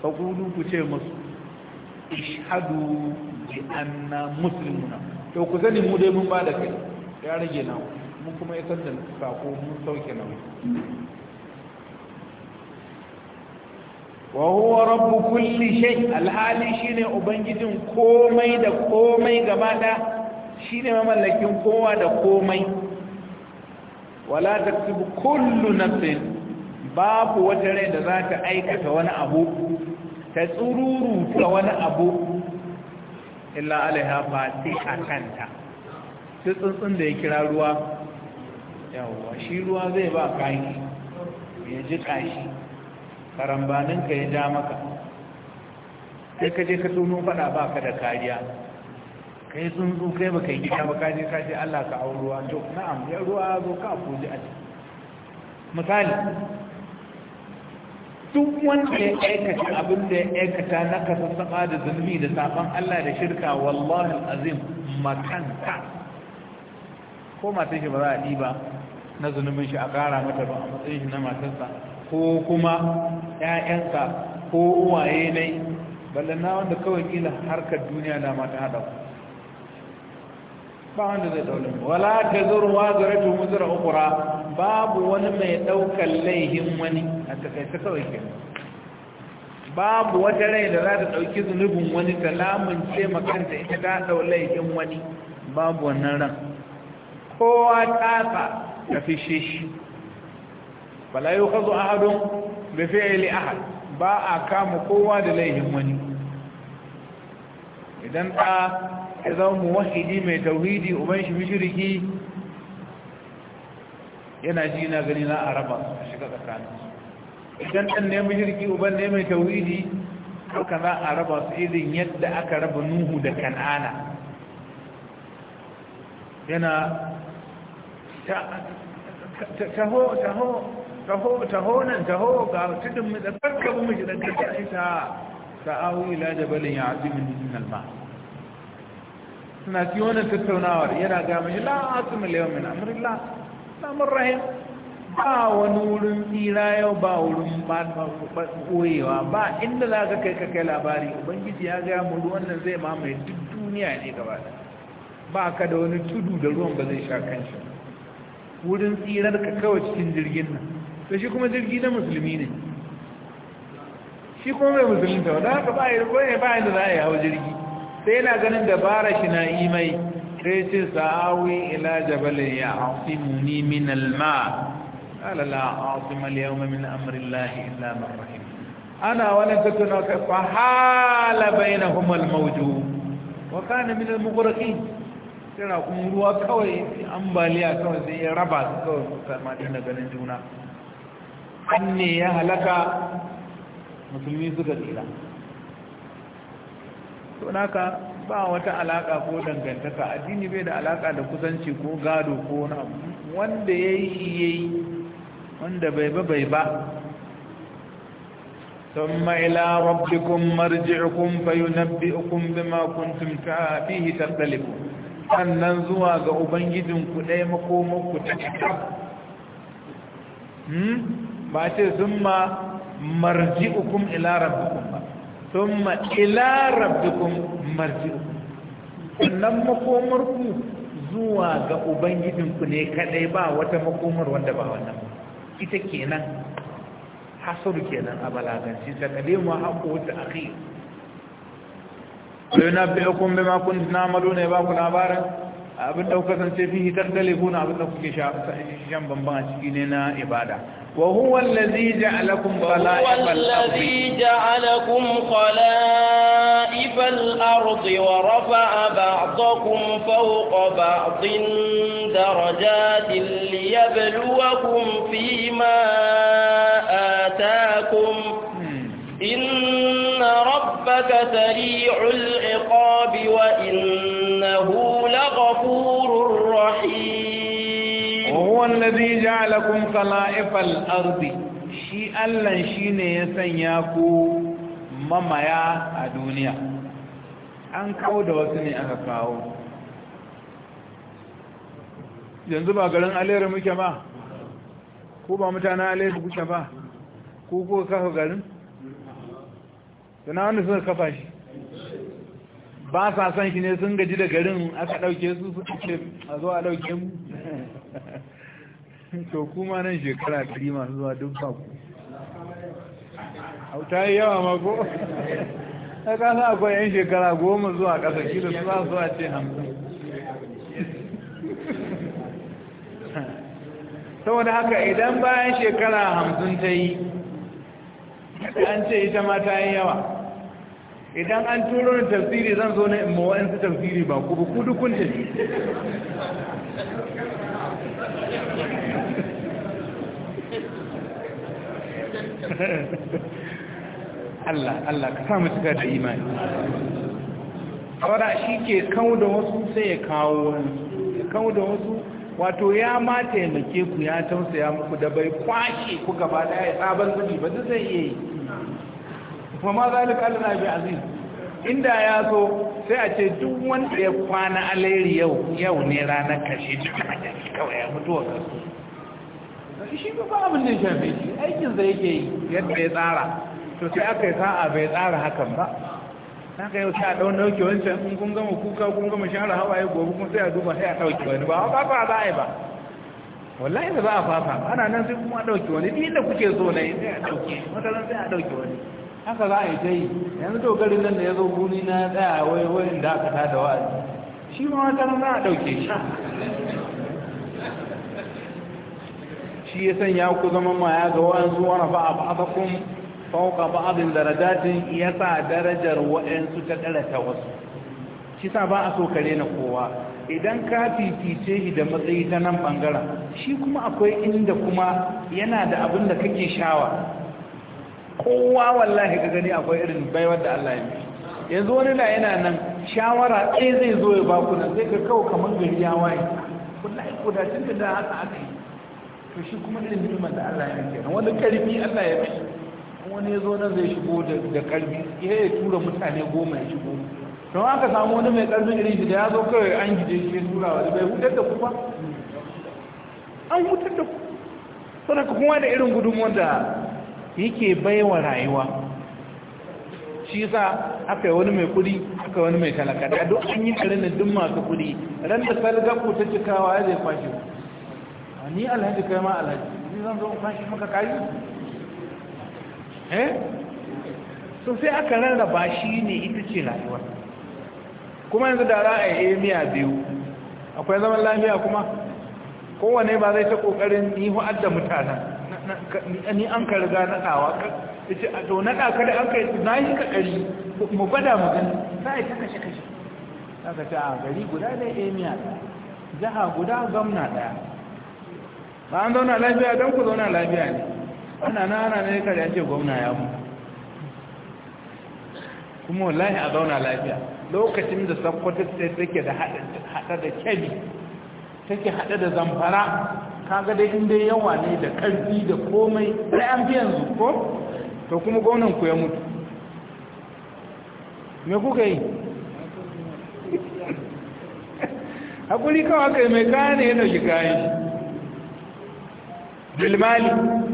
ka. gudu ku ce musu ishadu bi anna muslimuna to ku sani mu dai mun ba da kai ya rage na. mun kuma ya sanda sako mun sauke na wa huwa rabbu kulli shay alhali shine ubangijin komai da komai gaba da shine mamallakin kowa da komai wala taktubu kullu nafsin babu wata rai da za ta aikata wani abu ta tsururu ta wani abu illa alaiha ba ta a kanta sai tsuntsun da ya kira ruwa yawwa shi ruwa zai ba kayi ya ji kashi karambaninka ya ja maka sai ka je ka tono fada ba ka da kariya kai tsuntsu kai ba kai gida ba kaje ka ce Allah ka auro ruwa to na'am ya ruwa zo ka afuji a misali duk wanda ya aikata abin da ya aikata na kasassaba da zunubi da saban Allah da shirka wallahi azim makanta ko matan shi ba za a ba na zunubin shi a ƙara mata ba a matsayin shi na matarsa ko kuma ƴaƴansa ko uwaye ne na wanda kawai kila harkar duniya da mata haɗa ku ba wanda zai daure wala ta zuru wa zura ta muzura ukura babu wani mai daukar laihin wani a takaita kawai ke babu wata rai da za ta dauki zunubin wani ta lamunce makanta ita ta dau laihin wani babu wannan ran kowa tsatsa ta fishe shi bala yi kwazo ahadun da fi'ili ahad ba a kama kowa da laihin wani idan ta ya zama muwahidi mai tauhidi uban shi mishiriki yana ji na gani na araba a shiga tsakanin idan ɗan ne mishiriki uban ne mai tauhidi haka za a raba su irin yadda aka raba nuhu da kan'ana yana taho taho taho taho nan taho ga tudun mu da barka mu shi da kace ta ta'awi la jabalin ya'zimin min al-ma' suna ci wannan tattaunawar yana ga mashi la asma yau min amrillah samun rahim ba wani wurin tsira yau ba wurin ɓoyewa ba inda za ka kai kai labari ubangiji ya gaya mu wannan zai mamaye duk duniya ne gaba ba ka da wani tudu da ruwan ba zai sha kanshi wurin tsirar ka kawai cikin jirgin nan to shi kuma jirgi na musulmi ne shi kuma mai musulunta wadda haka ba ya da za a yi hau jirgi sai yana ganin dabara shi na imai sai ce sa'awi ila jabalin ya muni min alma ala la asima al-yawma min amri llahi illa man rahim ana wala takuna ka fa hala bainahum al-mawju wa ka na min al-mughraqin tana kun ruwa kawai ambaliya kawai sai ya raba su kawai kama na ganin juna an ne ya halaka musulmi suka tsira to naka ba wata alaka ko dangantaka addini bai da alaka da kusanci ko gado ko wani abu wanda ya yi shi ya yi wanda bai ba bai ba thumma ila rabbikum marji'ukum fayunabbi'ukum bima kuntum فيه تختلفون annan zuwa ga ubangijin ku ɗaya makomanku ta hmm ba ce sun marji'ukum ila rabbikum ilara الى ila مرجعكم marji'ukum makomar makomarku zuwa ga ubangijin ku ne kadai ba wata makomar wanda ba wannan ita kenan hasuru kenan a balaganci mu haƙo ta akhi bima kuntum كنتم ba ku labaran. abin da kuka sance fihi takhtalifuna abin da kuke sha jan bamban a ciki ne na ibada wa huwa allazi ja'alakum khala'ifal ardi ja'alakum khala'ifal ardi wa rafa'a ba'dakum fawqa ba'din darajatin liyabluwakum fima ataakum inna rabbaka sari'ul iqabi wa inna huwa allazi ja'alakum khala'ifal ardi shi Allah shine ya sanya ku mamaya a duniya an kawo da wasu ne aka kawo yanzu ba garin alera muke ba ko ba mutane alera muke ba ko ko kafa garin suna wanda suka kafa shi ba sa san shi ne sun gaji da garin aka dauke su suka ce a zo a dauke mu <laughs> to kuma nan shekara ɗari masu zuwa duk Hau ta yi yawa mako ta kasa akwai 'yan shekara goma zuwa ƙasa shi da su za su ce hamsin saboda haka idan bayan shekara hamsin ta yi an ce ita ma ta yi yawa idan an turo ni tafsiri zan zo na in ma yansu tafsiri ba ku ku duk kun tafi <laughs> Allah Allah ka samu cika da imani saboda shi ke kawo da wasu sai ya kawo wani ya kawo da wasu wato ya ma taimake ku ya tausaya muku da bai kwashe ku gaba da ya sabon zubi ba zai iya yi wa ma zalika Allah bi aziz inda ya so sai a ce duk wanda ya kwana alairi yau yau ne ranar kashe duk a jami kawai ya mutu wa kasu shi ba abin da ya shafe shi aikin da yake yi yadda ya tsara to sai aka yi sa'a bai tsara hakan ba ka yau sai a ɗaunar ɗauke wancan in kun gama kuka kun gama share hawaye gobe kun sai a duba sai a ɗauki wani ba ba ba za a yi ba wallahi da za a fafa ana nan sai kuma a ɗauki wani duk inda kuke so na yi sai a ɗauki wata sai a ɗauki wani haka za a yi ta yi yanzu dogarin nan da ya zo guni na tsaya wai wayin da aka tada wa'azi shi ma wata nan za a ɗauke shi shi ya sanya ku zama maya ga wa'ansu wani ba a kun fauka ba'adin darajatin ya sa darajar wa'ansu ta ɗarata wasu shi sa ba a so kare na kowa idan ka fifice shi da matsayi ta nan ɓangaren shi kuma akwai inda kuma yana da abin da kake shawa kowa wallahi ka gani akwai irin baiwar da Allah ya yi yanzu wani da yana nan shawara ɗaya zai zo ya baku nan zai ka kawo kamar gari ya waye wallahi ko da da haka aka yi to shi kuma irin ni'imar da Allah ya yi kenan wani karfi Allah ya yi wani ya zo nan zai shigo da karfi ya ya tura mutane goma ya shigo don aka samu wani mai karfin irin shi da ya zo kawai an gide shi ya tura wani bai hutar da ku ba an hutar da ku sanaka kuma da irin gudunmuwar da yake baiwa rayuwa shi sa aka yi wani mai kudi aka wani mai talaka da duk an yi karnin duk masu kudi ran da sargaku ta cikawa ya zai kwashe A ni alhaji kai ma alhaji ni zan zo kwashe maka kayi eh so sai aka rarraba shi ne ita ce rayuwa kuma yanzu da ra'ayi eh, miya biyu akwai zaman lafiya kuma kowane ba zai ta kokarin nihu adda mutanen ni an ka riga naɗawa ya ce a to naɗa ka da an ka yi na yi ka mu gwada mu gani Ta yi ta kashe kashe aka ce a gari guda da emiya eh, jiha guda gwamna ɗaya ba an zauna lafiya don ku zauna lafiya ne ana na ana ne kare ce gwamna ya mu kuma wallahi a zauna lafiya lokacin da sakwata take da haɗa da kyabi take haɗa da zamfara kaga dai inda yawa ne da karfi da komai da an fi yanzu ko to kuma gwamnan ku ya mutu me kuka yi <laughs> hakuri kawai kai mai kayan ya dauki kayan bilmali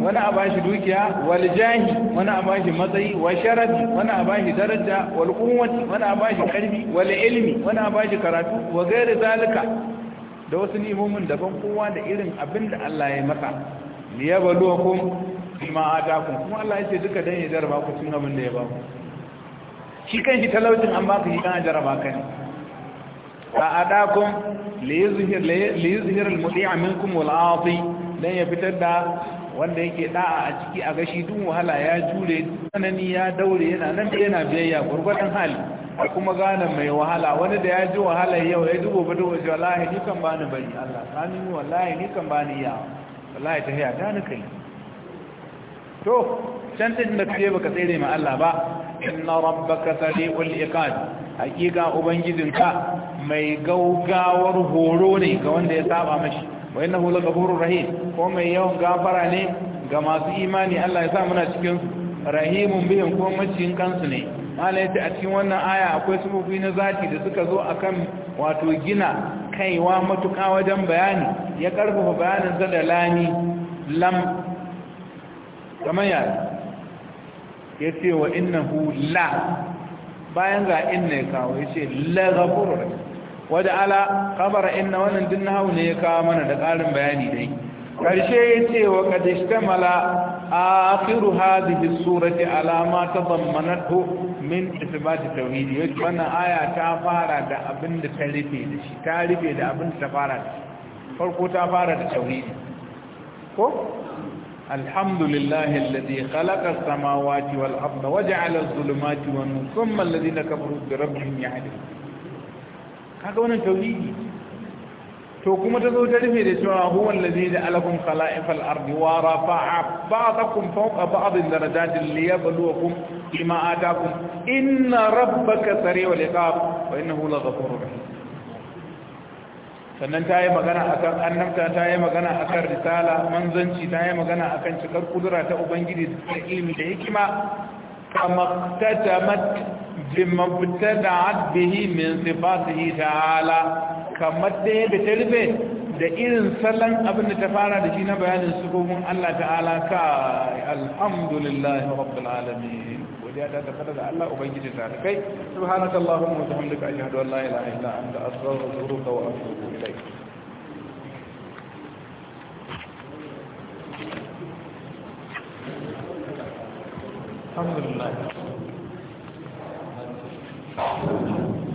wani a bashi dukiya wal jahi wani a bashi matsayi wa sharafi wani a bashi daraja wal wani a bashi karfi wal ilmi wani a bashi karatu wa gairi zalika da wasu ni'imomin daban kowa da irin abin da Allah ya masa liyabluwakum bima atakum kuma Allah ya ce duka dan ya jarraba ku cin abin da ya ba ku shi kan shi talaucin amma ku shi kan jarraba ka ne a adakum liyuzhir liyuzhir al-muti'a minkum wal dan ya fitar da wanda yake da'a a ciki a gashi duk wahala ya jure tsanani ya daure yana nan da yana biyayya gurgurdan hali da kuma gane mai wahala wani da ya ji wahala yau ya ji gobe dubu shi wallahi ni kan bani bari Allah sani wallahi ni kan bani ya wallahi ta haya ta ni kai to can din da kake baka tsere ma Allah ba inna rabbaka sadiqul iqad hakika ubangijinka mai gaugawar horo ne ga wanda ya saba mashi wa innahu lagafurur rahim ko mai yawan gafara ne ga masu imani Allah ya sa muna cikin rahimun bihin ko maciyin kansu ne malai yace a cikin wannan aya akwai sufofi na zaki da suka zo akan wato gina kaiwa matuƙa wajen bayani ya karfafa bayanin sa da lami lam kamar ya ce wa innahu la bayan ga inna ya kawo ya ce la ghafurur wadda ala khabara inna wannan din hau ne ya kawo mana da ƙarin bayani dai karshe ce wa qad ishtamala akhiru hadhihi surati alama ta zammanar min isbati tauhidi wacce wannan aya ta fara da abin da ta rufe da shi ta rufe da abin da ta fara da farko ta fara da tauhidi ko alhamdulillahi alladhi khalaqa as-samawati wal arda waja'ala wan-nur thumma alladhina kafaru bi rabbihim kaga wannan tauhidi to kuma ta zo ta rufe da cewa huwa allazi da alakum khala'ifal ardi wa rafa'a ba'dakum fawqa ba'din darajatin liyabluwakum bima atakum inna rabbaka sari'ul iqab wa innahu laghafurur rahim sannan ta yi magana akan annabta ta yi magana akan risala manzanci ta yi magana akan cikar kudura ta ubangiji da ilimi da hikima kama tatamat bimabtada'at bihi min sifatihi ta'ala kamar da yadda ta rufe da irin salon abin da ta fara da shi na bayanin sufofin Allah ta'ala ka alhamdulillah alhamdulillahi rabbil alamin godiya ta tabbata da Allah ubangiji ta kai subhanakallahumma wa bihamdika ashhadu an la ilaha illa anta astaghfiruka wa atubu ilayk الحمد لله